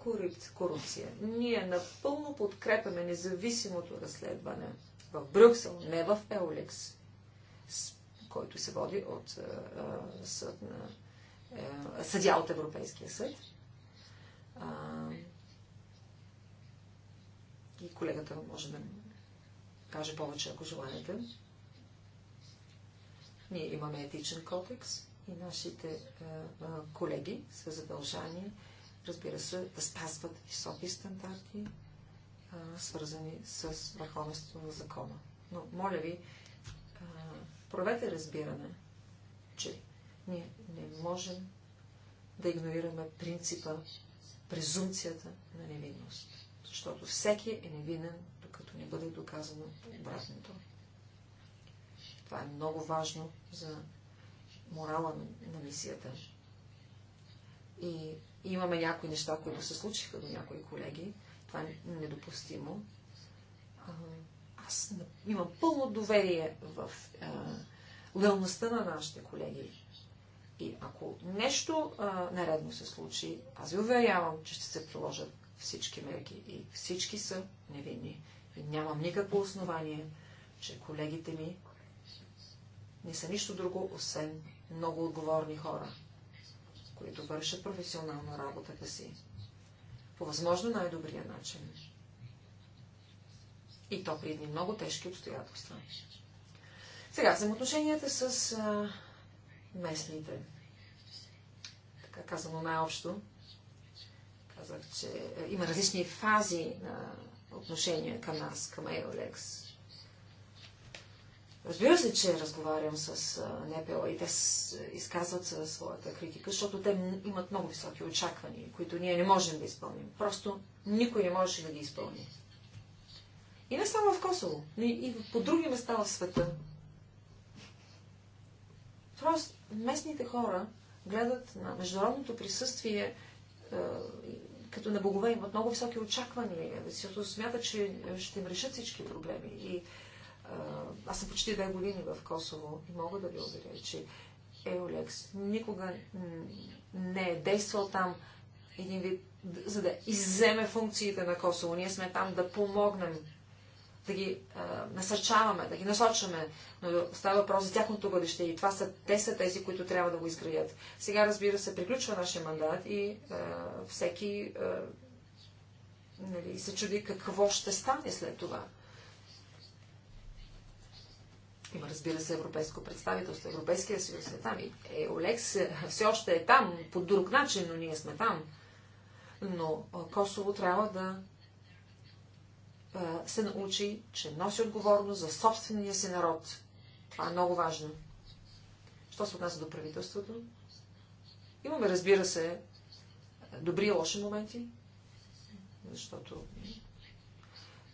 корупция. Ние напълно подкрепяме независимото разследване в Брюксел, не в Еолекс, който се води от а, съд на, а, е, съдя от Европейския съд. А, и колегата може да каже повече, ако желаете. Ние имаме етичен кодекс и нашите а, е, а, е, колеги са задължани, разбира се, да спазват високи стандарти, а, е, свързани с върховенството на закона. Но, моля ви, а, провете разбиране, че ние не можем да игнорираме принципа, презумцията на невинност. Защото всеки е невинен, докато не бъде доказано обратното. Това е много важно за морала на мисията. И имаме някои неща, които се случиха до някои колеги. Това е недопустимо. Аз имам пълно доверие в лъвността на нашите колеги. И ако нещо а, наредно се случи, аз ви уверявам, че ще се приложат всички мерки. И всички са невинни. И нямам никакво основание, че колегите ми не са нищо друго, освен много отговорни хора, които вършат професионално работата си по възможно най-добрия начин. И то при едни много тежки обстоятелства. Сега, взаимоотношенията с а, местните. Така казано най-общо. Казах, че е, има различни фази на отношения към нас, към Еолекс. Разбира се, че разговарям с НПО и те изказват своята критика, защото те имат много високи очаквания, които ние не можем да изпълним. Просто никой не можеше да ги изпълни. И не само в Косово, но и по други места в света. Просто местните хора гледат на международното присъствие като на богове имат много високи очаквания, защото смятат, че ще им решат всички проблеми. И аз съм почти две години в Косово и мога да ви уверя, че Еолекс никога не е действал там един вид, за да изземе функциите на Косово. Ние сме там да помогнем, да ги а, насърчаваме, да ги насочваме, но става въпрос за тяхното бъдеще и това са, те са тези, които трябва да го изградят. Сега, разбира се, приключва нашия мандат и а, всеки а, нали, се чуди какво ще стане след това. Има, разбира се, европейско представителство. Европейския съюз е там. И е, Олекс е, все още е там, по друг начин, но ние сме там. Но Косово трябва да се научи, че носи отговорност за собствения си народ. Това е много важно. Що се отнася до правителството? Имаме, разбира се, добри и лоши моменти, защото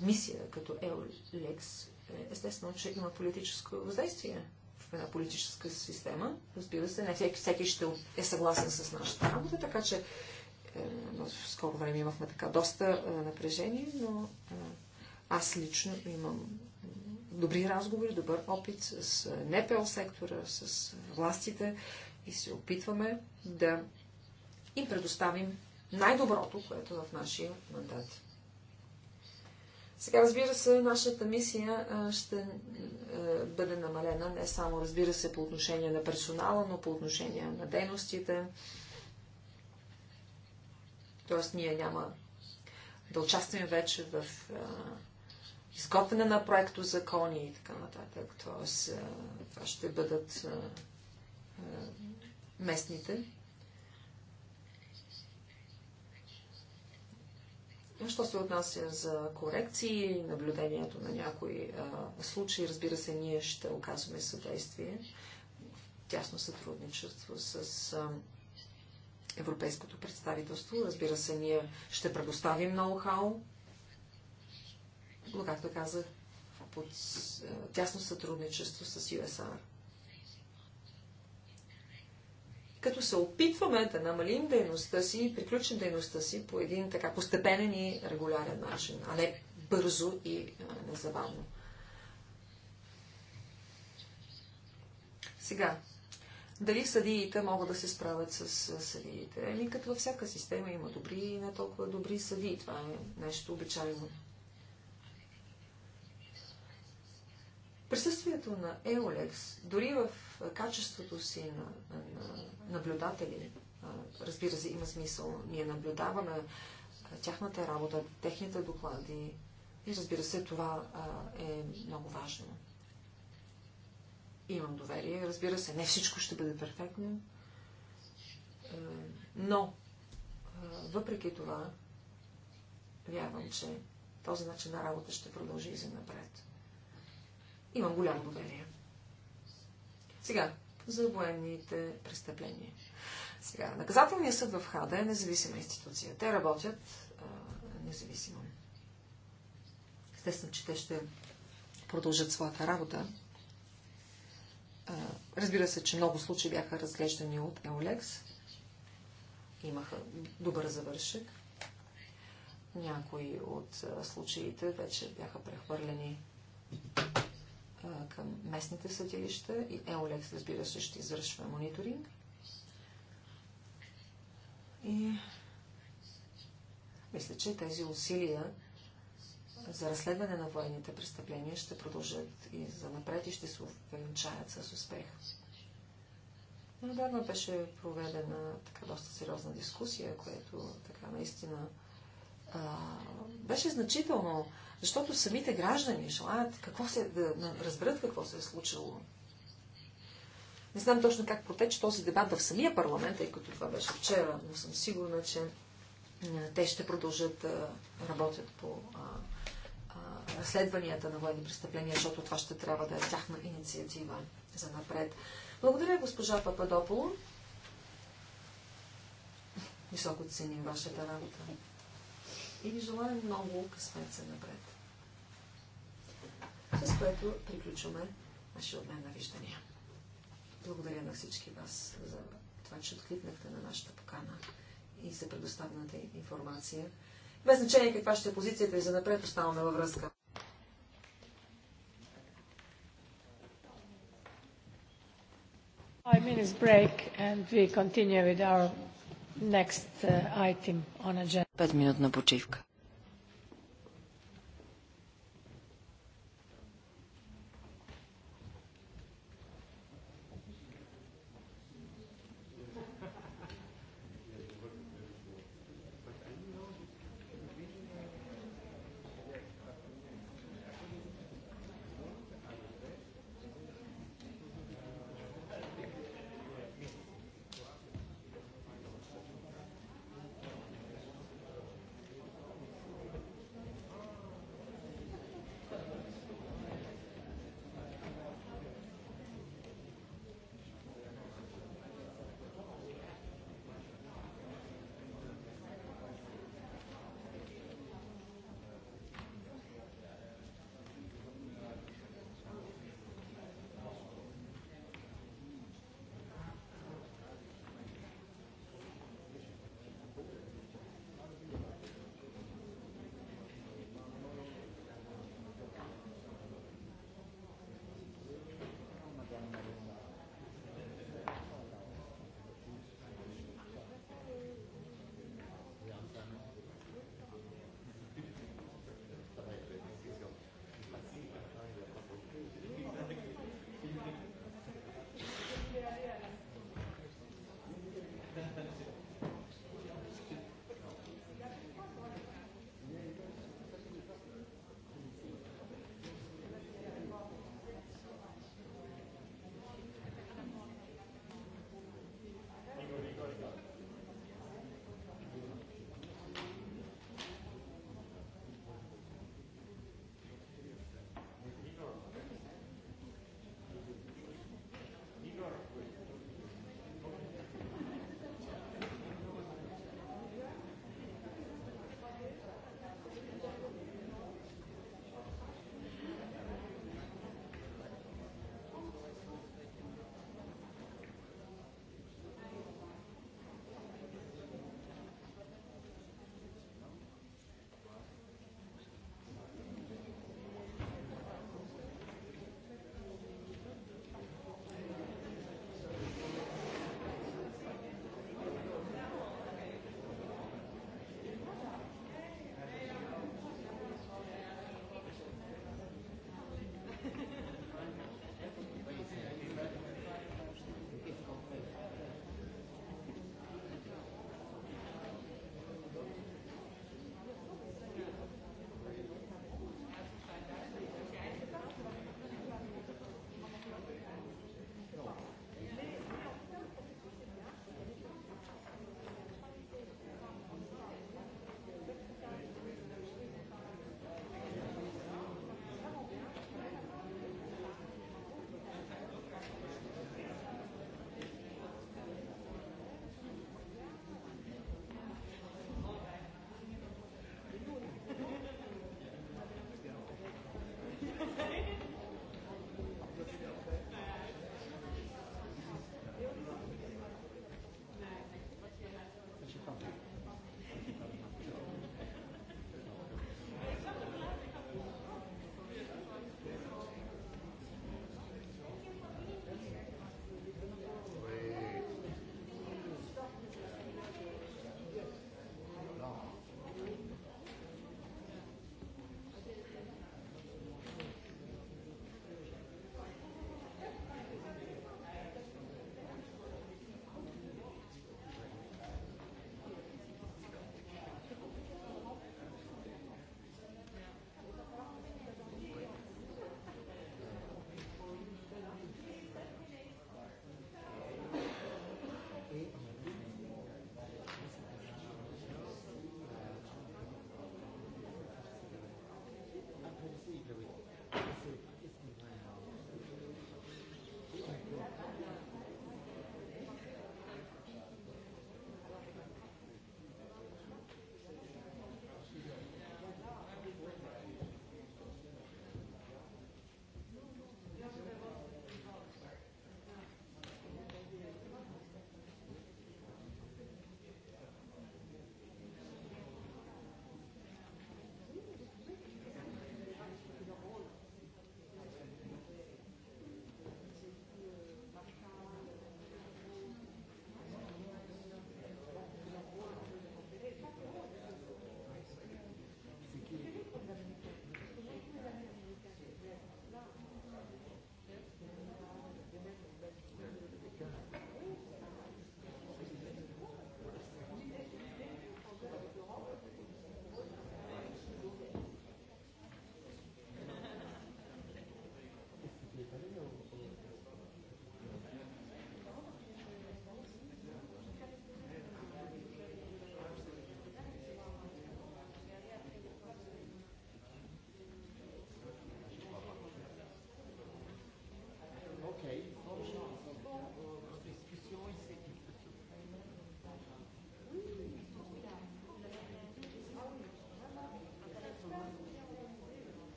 мисия като Еолекс естествено, че има политическо въздействие в една политическа система. Разбира се, не всеки, всеки ще е съгласен с нашата работа, така че е, в скоро време имахме така доста е, напрежение, но е, аз лично имам добри разговори, добър опит с НПО сектора, с властите и се опитваме да им предоставим най-доброто, което е в нашия мандат. Сега, разбира се, нашата мисия ще бъде намалена не само, разбира се, по отношение на персонала, но по отношение на дейностите. Тоест, ние няма да участваме вече в изготвяне на проекто закони и така нататък. Тоест, това ще бъдат местните Що се отнася за корекции, наблюдението на някои а, случаи, разбира се, ние ще оказваме съдействие в тясно сътрудничество с а, Европейското представителство. Разбира се, ние ще предоставим ноу-хау, но, както казах, под а, тясно сътрудничество с USR. като се опитваме да намалим дейността си и приключим дейността си по един така постепенен и регулярен начин, а не бързо и незабавно. Сега, дали съдиите могат да се справят с, съдиите? Еми, като във всяка система има добри и не толкова добри съдии. Това е нещо обичайно. Присъствието на Еолекс, дори в качеството си на, на, наблюдатели, разбира се, има смисъл. Ние наблюдаваме тяхната работа, техните доклади и разбира се, това е много важно. Имам доверие, разбира се, не всичко ще бъде перфектно, но въпреки това, вярвам, че този начин на работа ще продължи и за напред. Имам голямо доверие. Сега, за военните престъпления. Сега, наказателният съд в Хада е независима институция. Те работят а, независимо. Естествено, че те ще продължат своята работа. А, разбира се, че много случаи бяха разглеждани от Еолекс. Имаха добър завършек. Някои от а, случаите вече бяха прехвърлени към местните съдилища и Еолекс, разбира се, ще извършва мониторинг. И мисля, че тези усилия за разследване на военните престъпления ще продължат и за напред и ще се увенчаят с успех. Недавно беше проведена така доста сериозна дискусия, което така наистина а, беше значително защото самите граждани желаят какво се, да, разберат какво се е случило. Не знам точно как протече този дебат в самия парламент, тъй като това беше вчера, но съм сигурна, че те ще продължат да работят по разследванията на военни престъпления, защото това ще трябва да е тяхна инициатива за напред. Благодаря, госпожа Пападополо. Високо ценим вашата работа. И ви желая много късмет за напред с което приключваме нашия обмен на виждания. Благодаря на всички вас за това, че откликнахте на нашата покана и за предоставената информация. Без значение каква ще е позицията и за напред оставаме във връзка. Five minutes break and we continue with our next uh, item on agenda. почивка.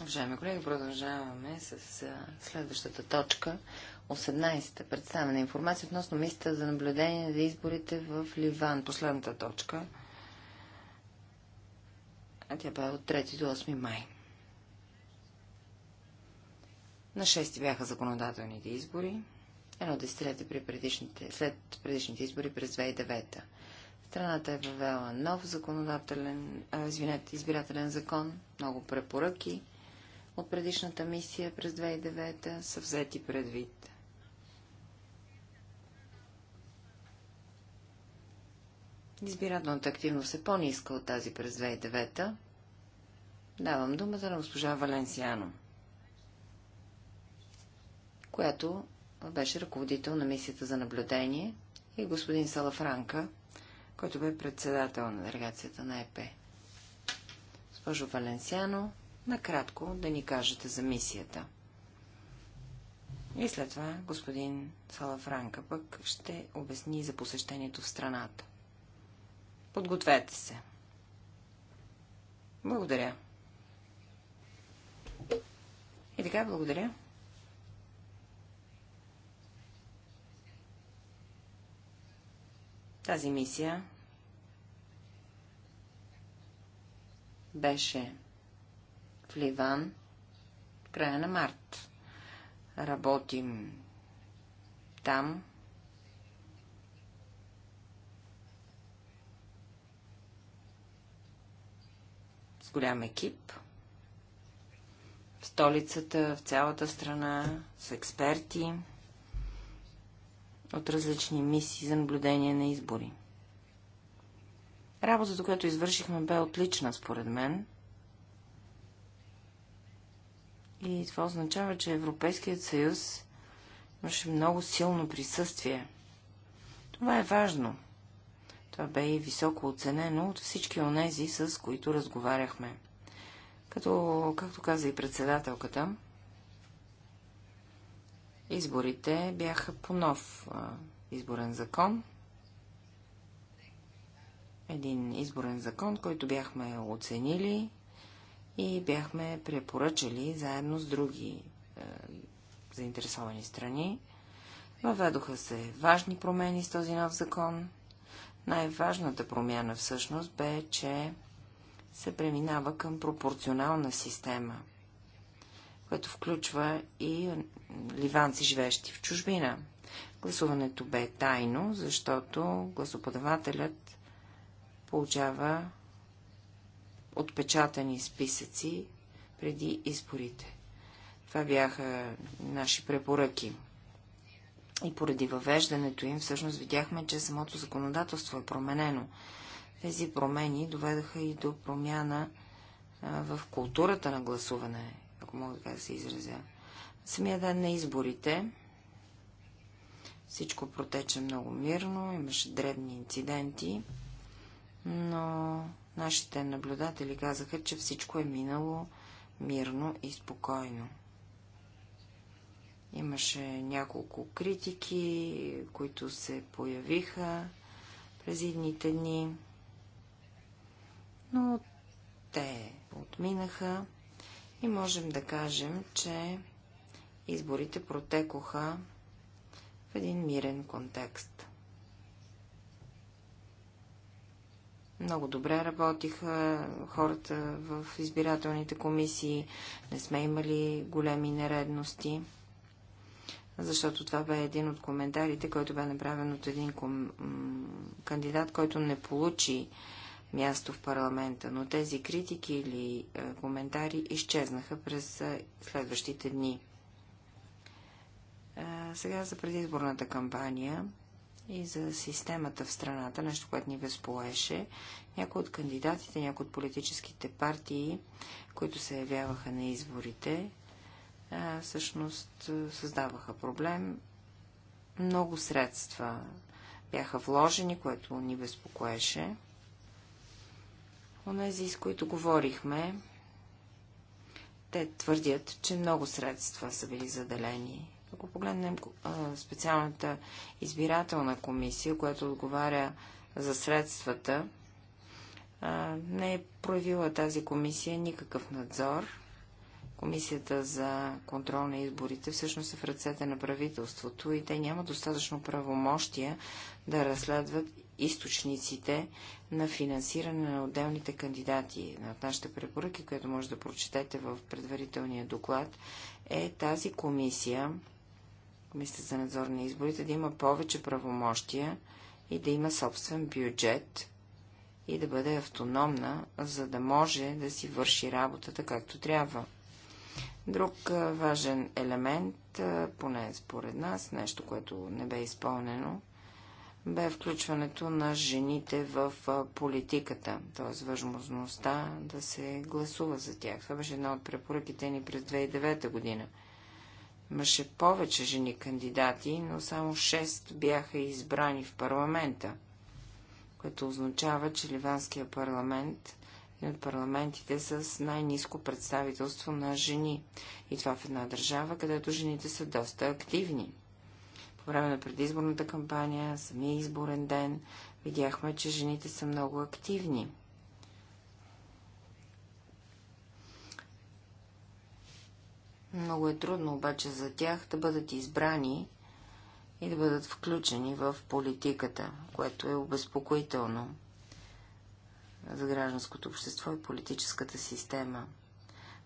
Уважаеми колеги, продължаваме с следващата точка. 18-та представена информация относно мисията за наблюдение за изборите в Ливан. Последната точка. А тя бе от 3 до 8 май. На 6 бяха законодателните избори. Едно десетилетие при предишните, след предишните избори през 2009. -та. Страната е въвела нов законодателен, а, извинете, избирателен закон, много препоръки от предишната мисия през 2009 са взети предвид. Избирателната активност е по-ниска от тази през 2009 -та. Давам думата на госпожа Валенсиано, която беше ръководител на мисията за наблюдение и господин Салафранка – който бе председател на делегацията на ЕП. Госпожо Валенсиано, накратко да ни кажете за мисията. И след това господин Салафранка пък ще обясни за посещението в страната. Подгответе се. Благодаря. И така, благодаря. Тази мисия беше в Ливан в края на март. Работим там. С голям екип. В столицата, в цялата страна, с експерти от различни мисии за наблюдение на избори. Работата, която извършихме, бе отлична, според мен. И това означава, че Европейският съюз имаше много силно присъствие. Това е важно. Това бе и високо оценено от всички онези, с които разговаряхме. Като, както каза и председателката, Изборите бяха по нов изборен закон. Един изборен закон, който бяхме оценили и бяхме препоръчали заедно с други е, заинтересовани страни. Въведоха се важни промени с този нов закон. Най-важната промяна всъщност бе, че се преминава към пропорционална система – което включва и ливанци, живещи в чужбина. Гласуването бе тайно, защото гласоподавателят получава отпечатани списъци преди изборите. Това бяха наши препоръки. И поради въвеждането им, всъщност видяхме, че самото законодателство е променено. Тези промени доведаха и до промяна в културата на гласуване ако мога така да се изразя. Самия ден на изборите всичко протече много мирно, имаше дребни инциденти, но нашите наблюдатели казаха, че всичко е минало мирно и спокойно. Имаше няколко критики, които се появиха през идните дни, но те отминаха. И можем да кажем, че изборите протекоха в един мирен контекст. Много добре работиха хората в избирателните комисии, не сме имали големи нередности, защото това бе един от коментарите, който бе направен от един ком... кандидат, който не получи място в парламента, но тези критики или е, коментари изчезнаха през е, следващите дни. Сега за предизборната кампания и за системата в страната, нещо, което ни безполеше, Някои от кандидатите, някои от политическите партии, които се явяваха на изборите, всъщност е, създаваха проблем. Много средства бяха вложени, което ни безпокоеше. Онези, с които говорихме, те твърдят, че много средства са били заделени. Ако погледнем специалната избирателна комисия, която отговаря за средствата, не е проявила тази комисия никакъв надзор. Комисията за контрол на изборите всъщност е в ръцете на правителството и те няма достатъчно правомощия да разследват източниците на финансиране на отделните кандидати. Една от нашите препоръки, която може да прочетете в предварителния доклад, е тази комисия, комисията за надзор на изборите, да има повече правомощия и да има собствен бюджет и да бъде автономна, за да може да си върши работата както трябва. Друг важен елемент, поне според нас, нещо, което не бе изпълнено, бе включването на жените в политиката, т.е. възможността да се гласува за тях. Това беше една от препоръките ни през 2009 година. Имаше повече жени кандидати, но само 6 бяха избрани в парламента, което означава, че Ливанския парламент е от парламентите с най-низко представителство на жени. И това в една държава, където жените са доста активни. По време на предизборната кампания, самия изборен ден, видяхме, че жените са много активни. Много е трудно обаче за тях да бъдат избрани и да бъдат включени в политиката, което е обезпокоително за гражданското общество и политическата система.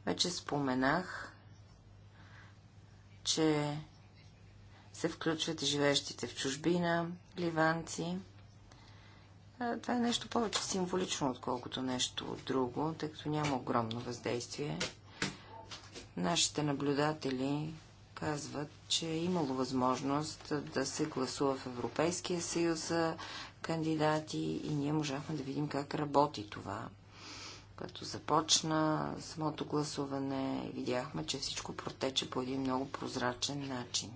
Вече споменах, че се включват и живеещите в чужбина, ливанци. Това е нещо повече символично, отколкото нещо друго, тъй като няма огромно въздействие. Нашите наблюдатели казват, че е имало възможност да се гласува в Европейския съюз за кандидати и ние можахме да видим как работи това. Като започна самото гласуване, видяхме, че всичко протече по един много прозрачен начин.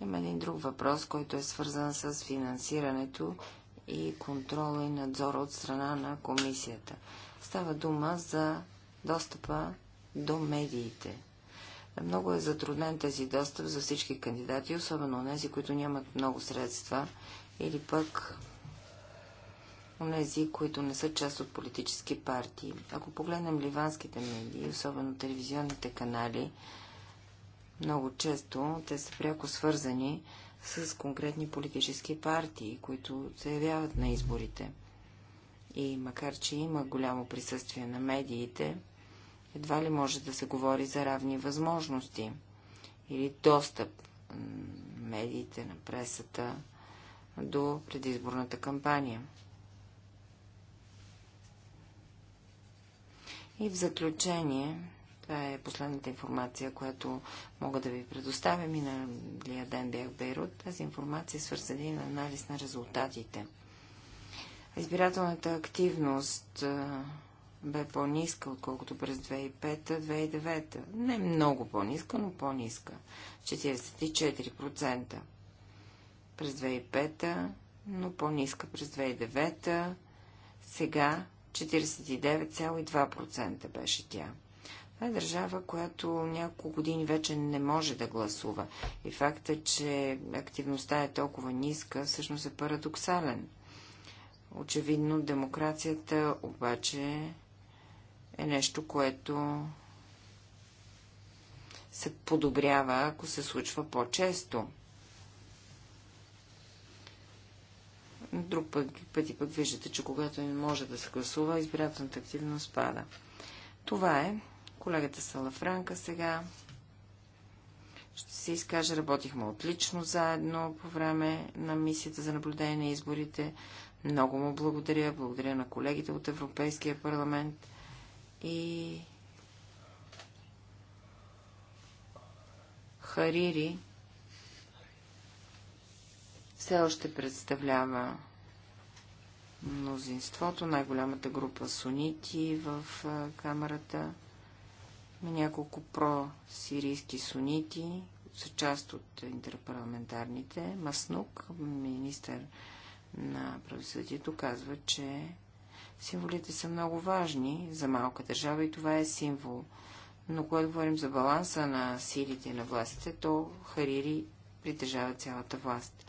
Има един друг въпрос, който е свързан с финансирането и контрола и надзора от страна на комисията. Става дума за достъпа до медиите. Много е затруднен тези достъп за всички кандидати, особено тези, които нямат много средства или пък онези, които не са част от политически партии. Ако погледнем ливанските медии, особено телевизионните канали, много често те са пряко свързани с конкретни политически партии, които се явяват на изборите. И макар, че има голямо присъствие на медиите, едва ли може да се говори за равни възможности или достъп на медиите, на пресата до предизборната кампания. И в заключение това е последната информация, която мога да ви предоставя. Миналия ден бях в Бейрут. Тази информация е свързана на анализ на резултатите. Избирателната активност бе по-ниска, отколкото през 2005-2009. Не много по-ниска, но по-ниска. 44% през 2005, но по-ниска през 2009. Сега 49,2% беше тя. Това е държава, която няколко години вече не може да гласува. И факта, че активността е толкова ниска, всъщност е парадоксален. Очевидно, демокрацията обаче е нещо, което се подобрява, ако се случва по-често. Друг път, пъти пък виждате, че когато не може да се гласува, избирателната активност пада. Това е Колегата Салафранка сега ще се изкаже. Работихме отлично заедно по време на мисията за наблюдение на изборите. Много му благодаря. Благодаря на колегите от Европейския парламент. И Харири все още представлява мнозинството, най-голямата група сунити в камерата. Има няколко про-сирийски сунити, са част от интерпарламентарните. Маснук, министър на правосъдието, казва, че символите са много важни за малка държава и това е символ. Но когато говорим за баланса на силите и на властите, то Харири притежава цялата власт.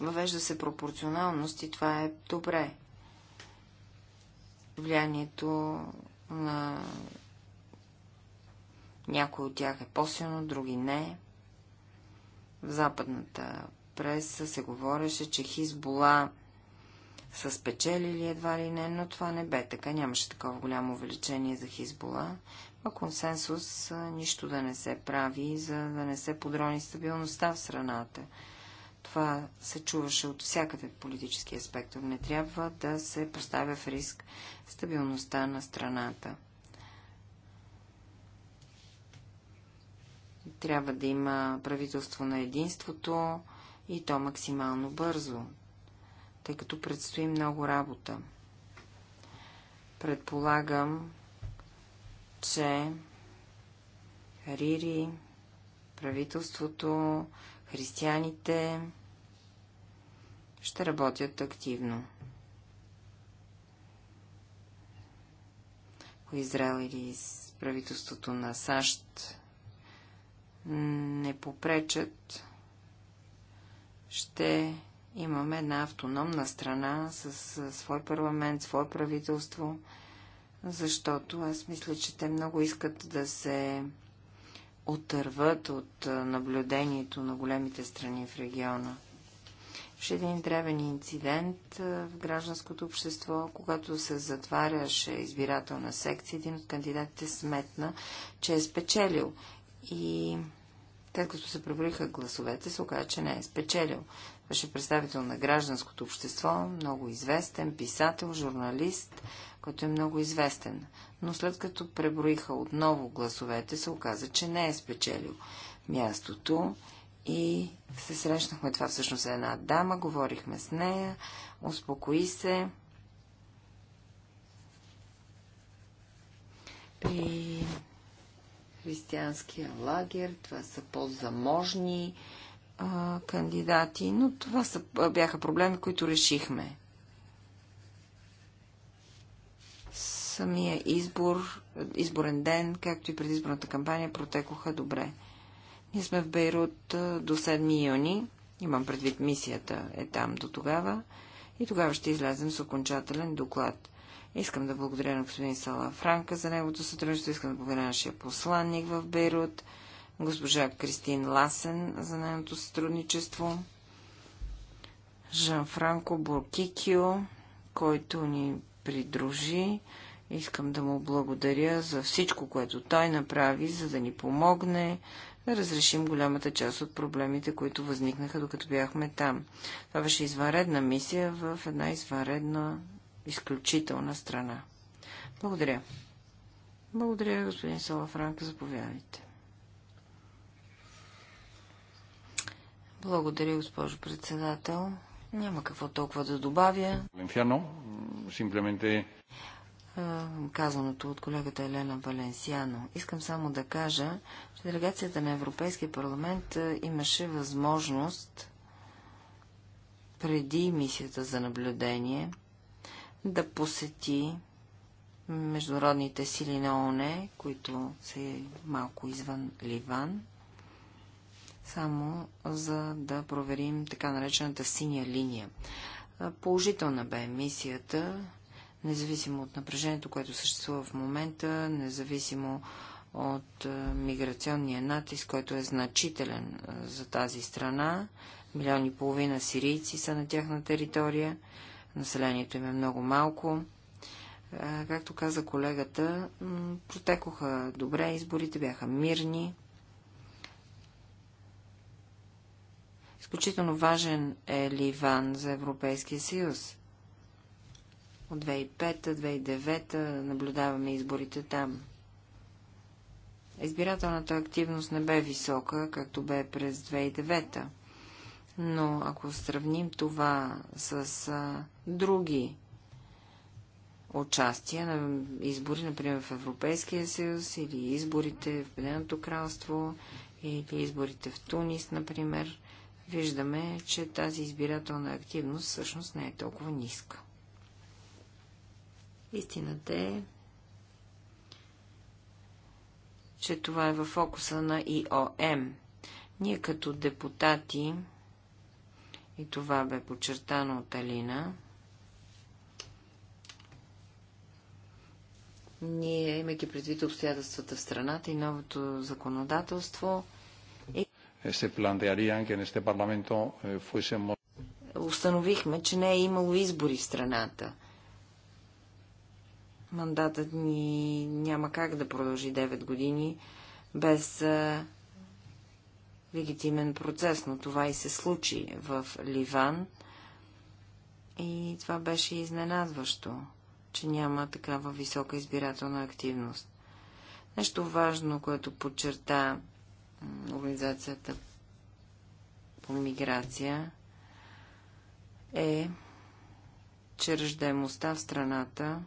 Въвежда се пропорционалност и това е добре. Влиянието на някои от тях е по-силно, други не. В западната преса се говореше, че Хизбола са спечелили едва ли не, но това не бе така. Нямаше такова голямо увеличение за Хизбола. А консенсус нищо да не се прави, за да не се подрони стабилността в страната. Това се чуваше от всякъде в аспект. Не трябва да се поставя в риск стабилността на страната. Трябва да има правителство на единството и то максимално бързо, тъй като предстои много работа. Предполагам, че Харири, правителството, християните ще работят активно. Ако Израел или с правителството на САЩ не попречат, ще имаме една автономна страна с свой парламент, свое правителство, защото аз мисля, че те много искат да се отърват от наблюдението на големите страни в региона. В един древен инцидент в гражданското общество, когато се затваряше избирателна секция, един от кандидатите сметна, че е спечелил. И тъй като се преброиха гласовете, се оказа, че не е спечелил. Беше представител на гражданското общество, много известен писател, журналист, който е много известен. Но след като преброиха отново гласовете, се оказа, че не е спечелил мястото и се срещнахме. Това всъщност една дама, говорихме с нея, успокои се. При християнския лагер това са по-заможни кандидати, но това са, бяха проблеми, които решихме. самия избор, изборен ден, както и предизборната кампания протекоха добре. Ние сме в Бейрут до 7 юни. Имам предвид мисията е там до тогава. И тогава ще излезем с окончателен доклад. Искам да благодаря на господин Сала Франка за неговото сътрудничество. Искам да благодаря на нашия посланник в Бейрут, госпожа Кристин Ласен за нейното сътрудничество. Жан Франко Буркикио, който ни придружи Искам да му благодаря за всичко, което той направи, за да ни помогне да разрешим голямата част от проблемите, които възникнаха, докато бяхме там. Това беше извънредна мисия в една извънредна, изключителна страна. Благодаря. Благодаря, господин Салафранка. Заповядайте. Благодаря, госпожо председател. Няма какво толкова да добавя. Инферно, simplemente казаното от колегата Елена Валенсиано. Искам само да кажа, че делегацията на Европейския парламент имаше възможност преди мисията за наблюдение да посети международните сили на ОНЕ, които са малко извън Ливан, само за да проверим така наречената синя линия. Положителна бе мисията, независимо от напрежението, което съществува в момента, независимо от миграционния натиск, който е значителен за тази страна. Милиони и половина сирийци са на тяхна територия. Населението им е много малко. Както каза колегата, протекоха добре, изборите бяха мирни. Изключително важен е Ливан за Европейския съюз. От 2005-2009 наблюдаваме изборите там. Избирателната активност не бе висока, както бе през 2009 но ако сравним това с а, други участия на избори, например в Европейския съюз или изборите в Беденото кралство или изборите в Тунис, например, виждаме, че тази избирателна активност всъщност не е толкова ниска. Истината е, че това е в фокуса на ИОМ. Ние като депутати, и това бе подчертано от Алина, ние, имайки предвид обстоятелствата в страната и новото законодателство, que en este Parlamento fuésemos... Установихме, че не е имало избори в страната. Мандатът ни няма как да продължи 9 години без легитимен процес, но това и се случи в Ливан. И това беше изненадващо, че няма такава висока избирателна активност. Нещо важно, което подчерта Организацията по миграция, е, че ръждаемостта в страната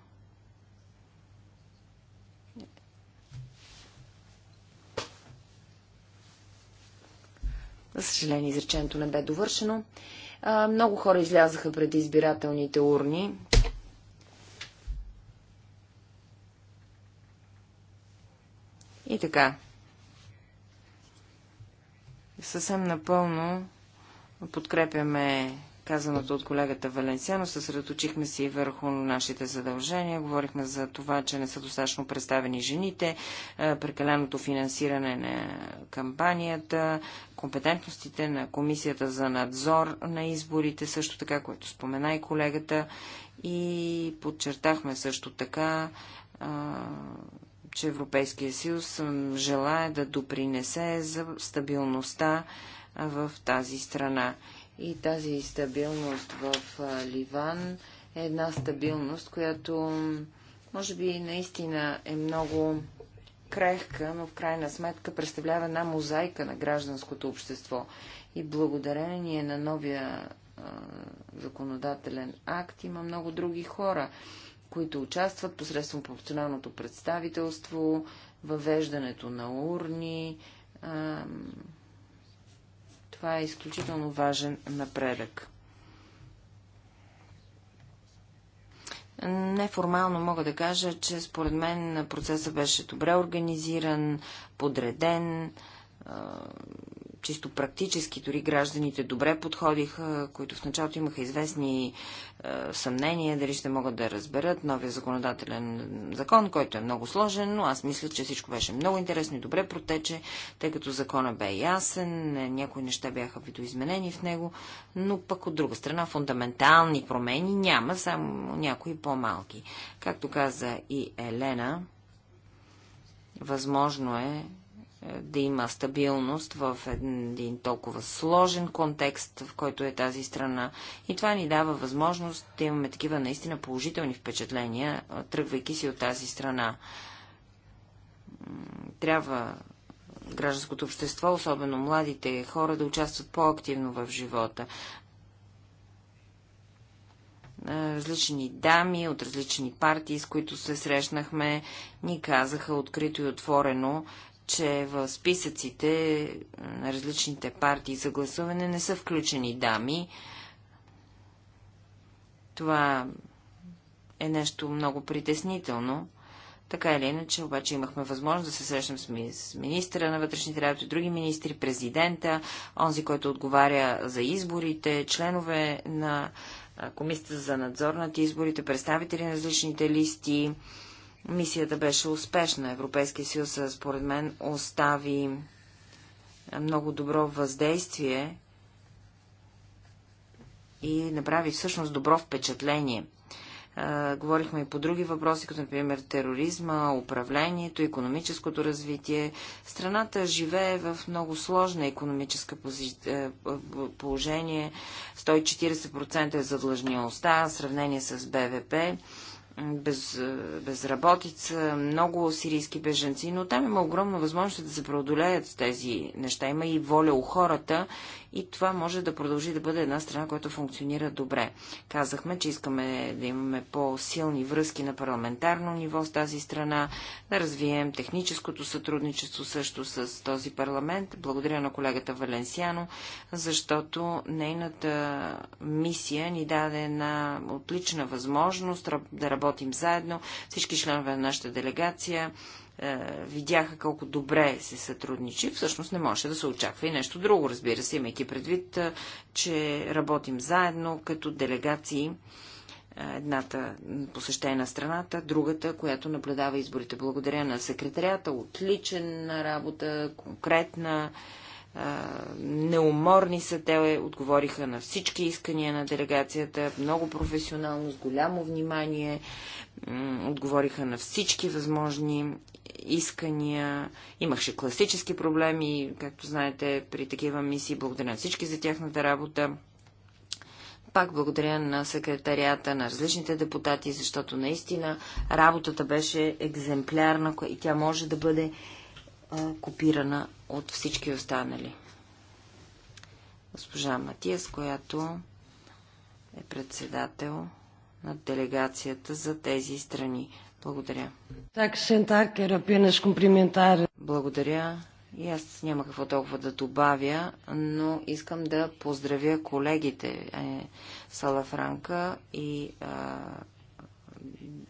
За съжаление, изречението не бе довършено. А, много хора излязаха преди избирателните урни. И така. Съвсем напълно подкрепяме казаното от колегата Валенсиано. Съсредоточихме се и върху нашите задължения. Говорихме за това, че не са достатъчно представени жените, е, прекаленото финансиране на кампанията, компетентностите на Комисията за надзор на изборите, също така, което спомена и колегата. И подчертахме също така е, че Европейския съюз желая да допринесе за стабилността в тази страна. И тази стабилност в Ливан е една стабилност, която може би наистина е много крехка, но в крайна сметка представлява една мозайка на гражданското общество. И благодарение на новия а, законодателен акт има много други хора, които участват посредством професионалното представителство, въвеждането на урни, а, това е изключително важен напредък. Неформално мога да кажа, че според мен процесът беше добре организиран, подреден, чисто практически дори гражданите добре подходиха, които в началото имаха известни е, съмнения, дали ще могат да разберат новия законодателен закон, който е много сложен, но аз мисля, че всичко беше много интересно и добре протече, тъй като закона бе ясен, е, някои неща бяха видоизменени в него, но пък от друга страна фундаментални промени няма, само някои по-малки. Както каза и Елена, възможно е да има стабилност в един толкова сложен контекст, в който е тази страна. И това ни дава възможност да имаме такива наистина положителни впечатления, тръгвайки си от тази страна. Трябва гражданското общество, особено младите хора, да участват по-активно в живота. Различни дами от различни партии, с които се срещнахме, ни казаха открито и отворено, че в списъците на различните партии за гласуване не са включени дами. Това е нещо много притеснително. Така или иначе, обаче имахме възможност да се срещнем с министра на вътрешните работи, други министри, президента, онзи, който отговаря за изборите, членове на Комисията за надзор над изборите, представители на различните листи, Мисията беше успешна. Европейския съюз, според мен, остави много добро въздействие и направи всъщност добро впечатление. говорихме и по други въпроси, като например тероризма, управлението, економическото развитие. Страната живее в много сложна економическа е, положение. 140% е задлъжнялостта, в сравнение с БВП без, безработица, много сирийски беженци, но там има огромна възможност да се преодолеят тези неща. Има и воля у хората и това може да продължи да бъде една страна, която функционира добре. Казахме, че искаме да имаме по-силни връзки на парламентарно ниво с тази страна, да развием техническото сътрудничество също с този парламент. Благодаря на колегата Валенсиано, защото нейната мисия ни даде една отлична възможност да работим заедно, всички членове на нашата делегация е, видяха колко добре се сътрудничи, всъщност не може да се очаква и нещо друго, разбира се, имайки предвид, е, че работим заедно като делегации. Е, едната посещена на страната, другата, която наблюдава изборите. Благодаря на секретарията, отлична работа, конкретна, неуморни са те, отговориха на всички искания на делегацията, много професионално, с голямо внимание, отговориха на всички възможни искания, имаше класически проблеми, както знаете, при такива мисии. Благодаря на всички за тяхната работа. Пак благодаря на секретарията, на различните депутати, защото наистина работата беше екземплярна и тя може да бъде а, копирана от всички останали. Госпожа Матиас, която е председател на делегацията за тези страни. Благодаря. Так, Шентак, Ерапинеш, комплиментар. Благодаря. И аз няма какво толкова да добавя, но искам да поздравя колегите е, Салафранка и е,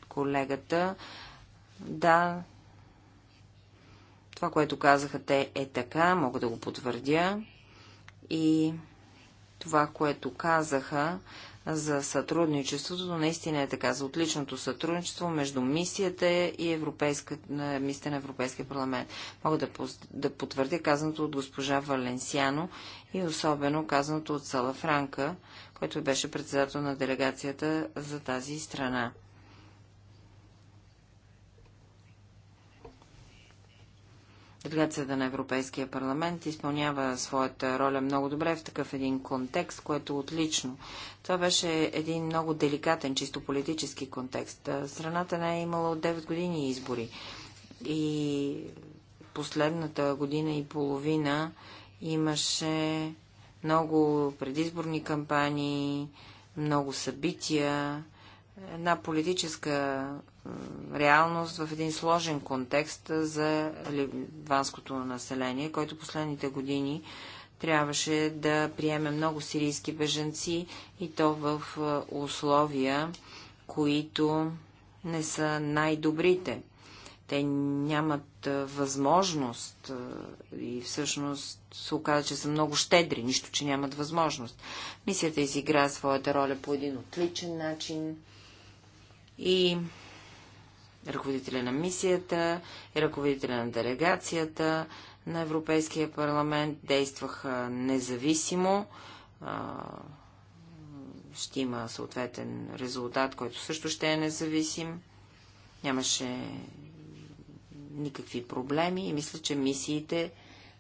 колегата. Да, това, което казаха те е така, мога да го потвърдя. И това, което казаха за сътрудничеството, но наистина е така, за отличното сътрудничество между мисията и европейска, мисията на Европейския парламент. Мога да, да потвърдя казаното от госпожа Валенсиано и особено казаното от Салафранка, който беше председател на делегацията за тази страна. Делегацията на Европейския парламент изпълнява своята роля много добре в такъв един контекст, което е отлично. Това беше един много деликатен, чисто политически контекст. Страната не е имала от 9 години избори. И последната година и половина имаше много предизборни кампании, много събития, една политическа реалност в един сложен контекст за ливанското население, който последните години трябваше да приеме много сирийски беженци и то в условия, които не са най-добрите. Те нямат възможност и всъщност се оказа, че са много щедри, нищо, че нямат възможност. Мисията изигра своята роля по един отличен начин и ръководителя на мисията и ръководителя на делегацията на Европейския парламент действаха независимо. Ще има съответен резултат, който също ще е независим. Нямаше никакви проблеми и мисля, че мисиите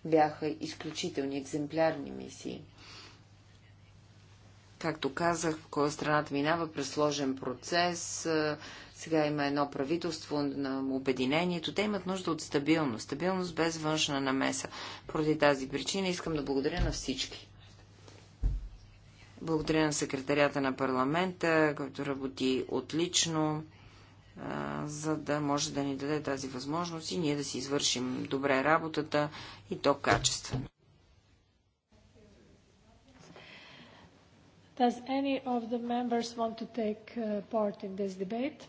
бяха изключителни, екземплярни мисии. Както казах, в коя страната минава през сложен процес, сега има едно правителство на обединението. Те имат нужда от стабилност. Стабилност без външна намеса. Поради тази причина искам да благодаря на всички. Благодаря на секретарията на парламента, който работи отлично, а, за да може да ни даде тази възможност и ние да си извършим добре работата и то качествено. Does any of the members want to take uh, part in this debate?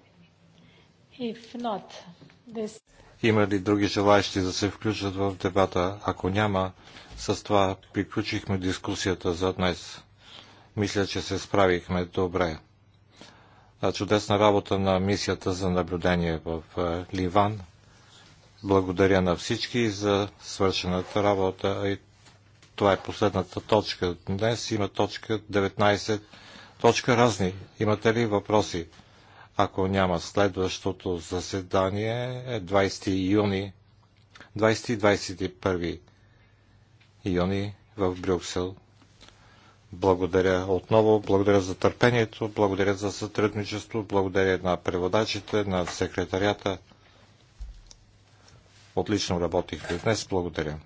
Има ли други желаящи да се включат в дебата? Ако няма, с това приключихме дискусията за днес. Мисля, че се справихме добре. Чудесна работа на мисията за наблюдение в Ливан. Благодаря на всички за свършената работа. Това е последната точка. Днес има точка 19. Точка разни. Имате ли въпроси? ако няма следващото заседание, е 20 юни, 20-21 юни в Брюксел. Благодаря отново, благодаря за търпението, благодаря за сътрудничество, благодаря на преводачите, на секретарята. Отлично работихте днес, благодаря.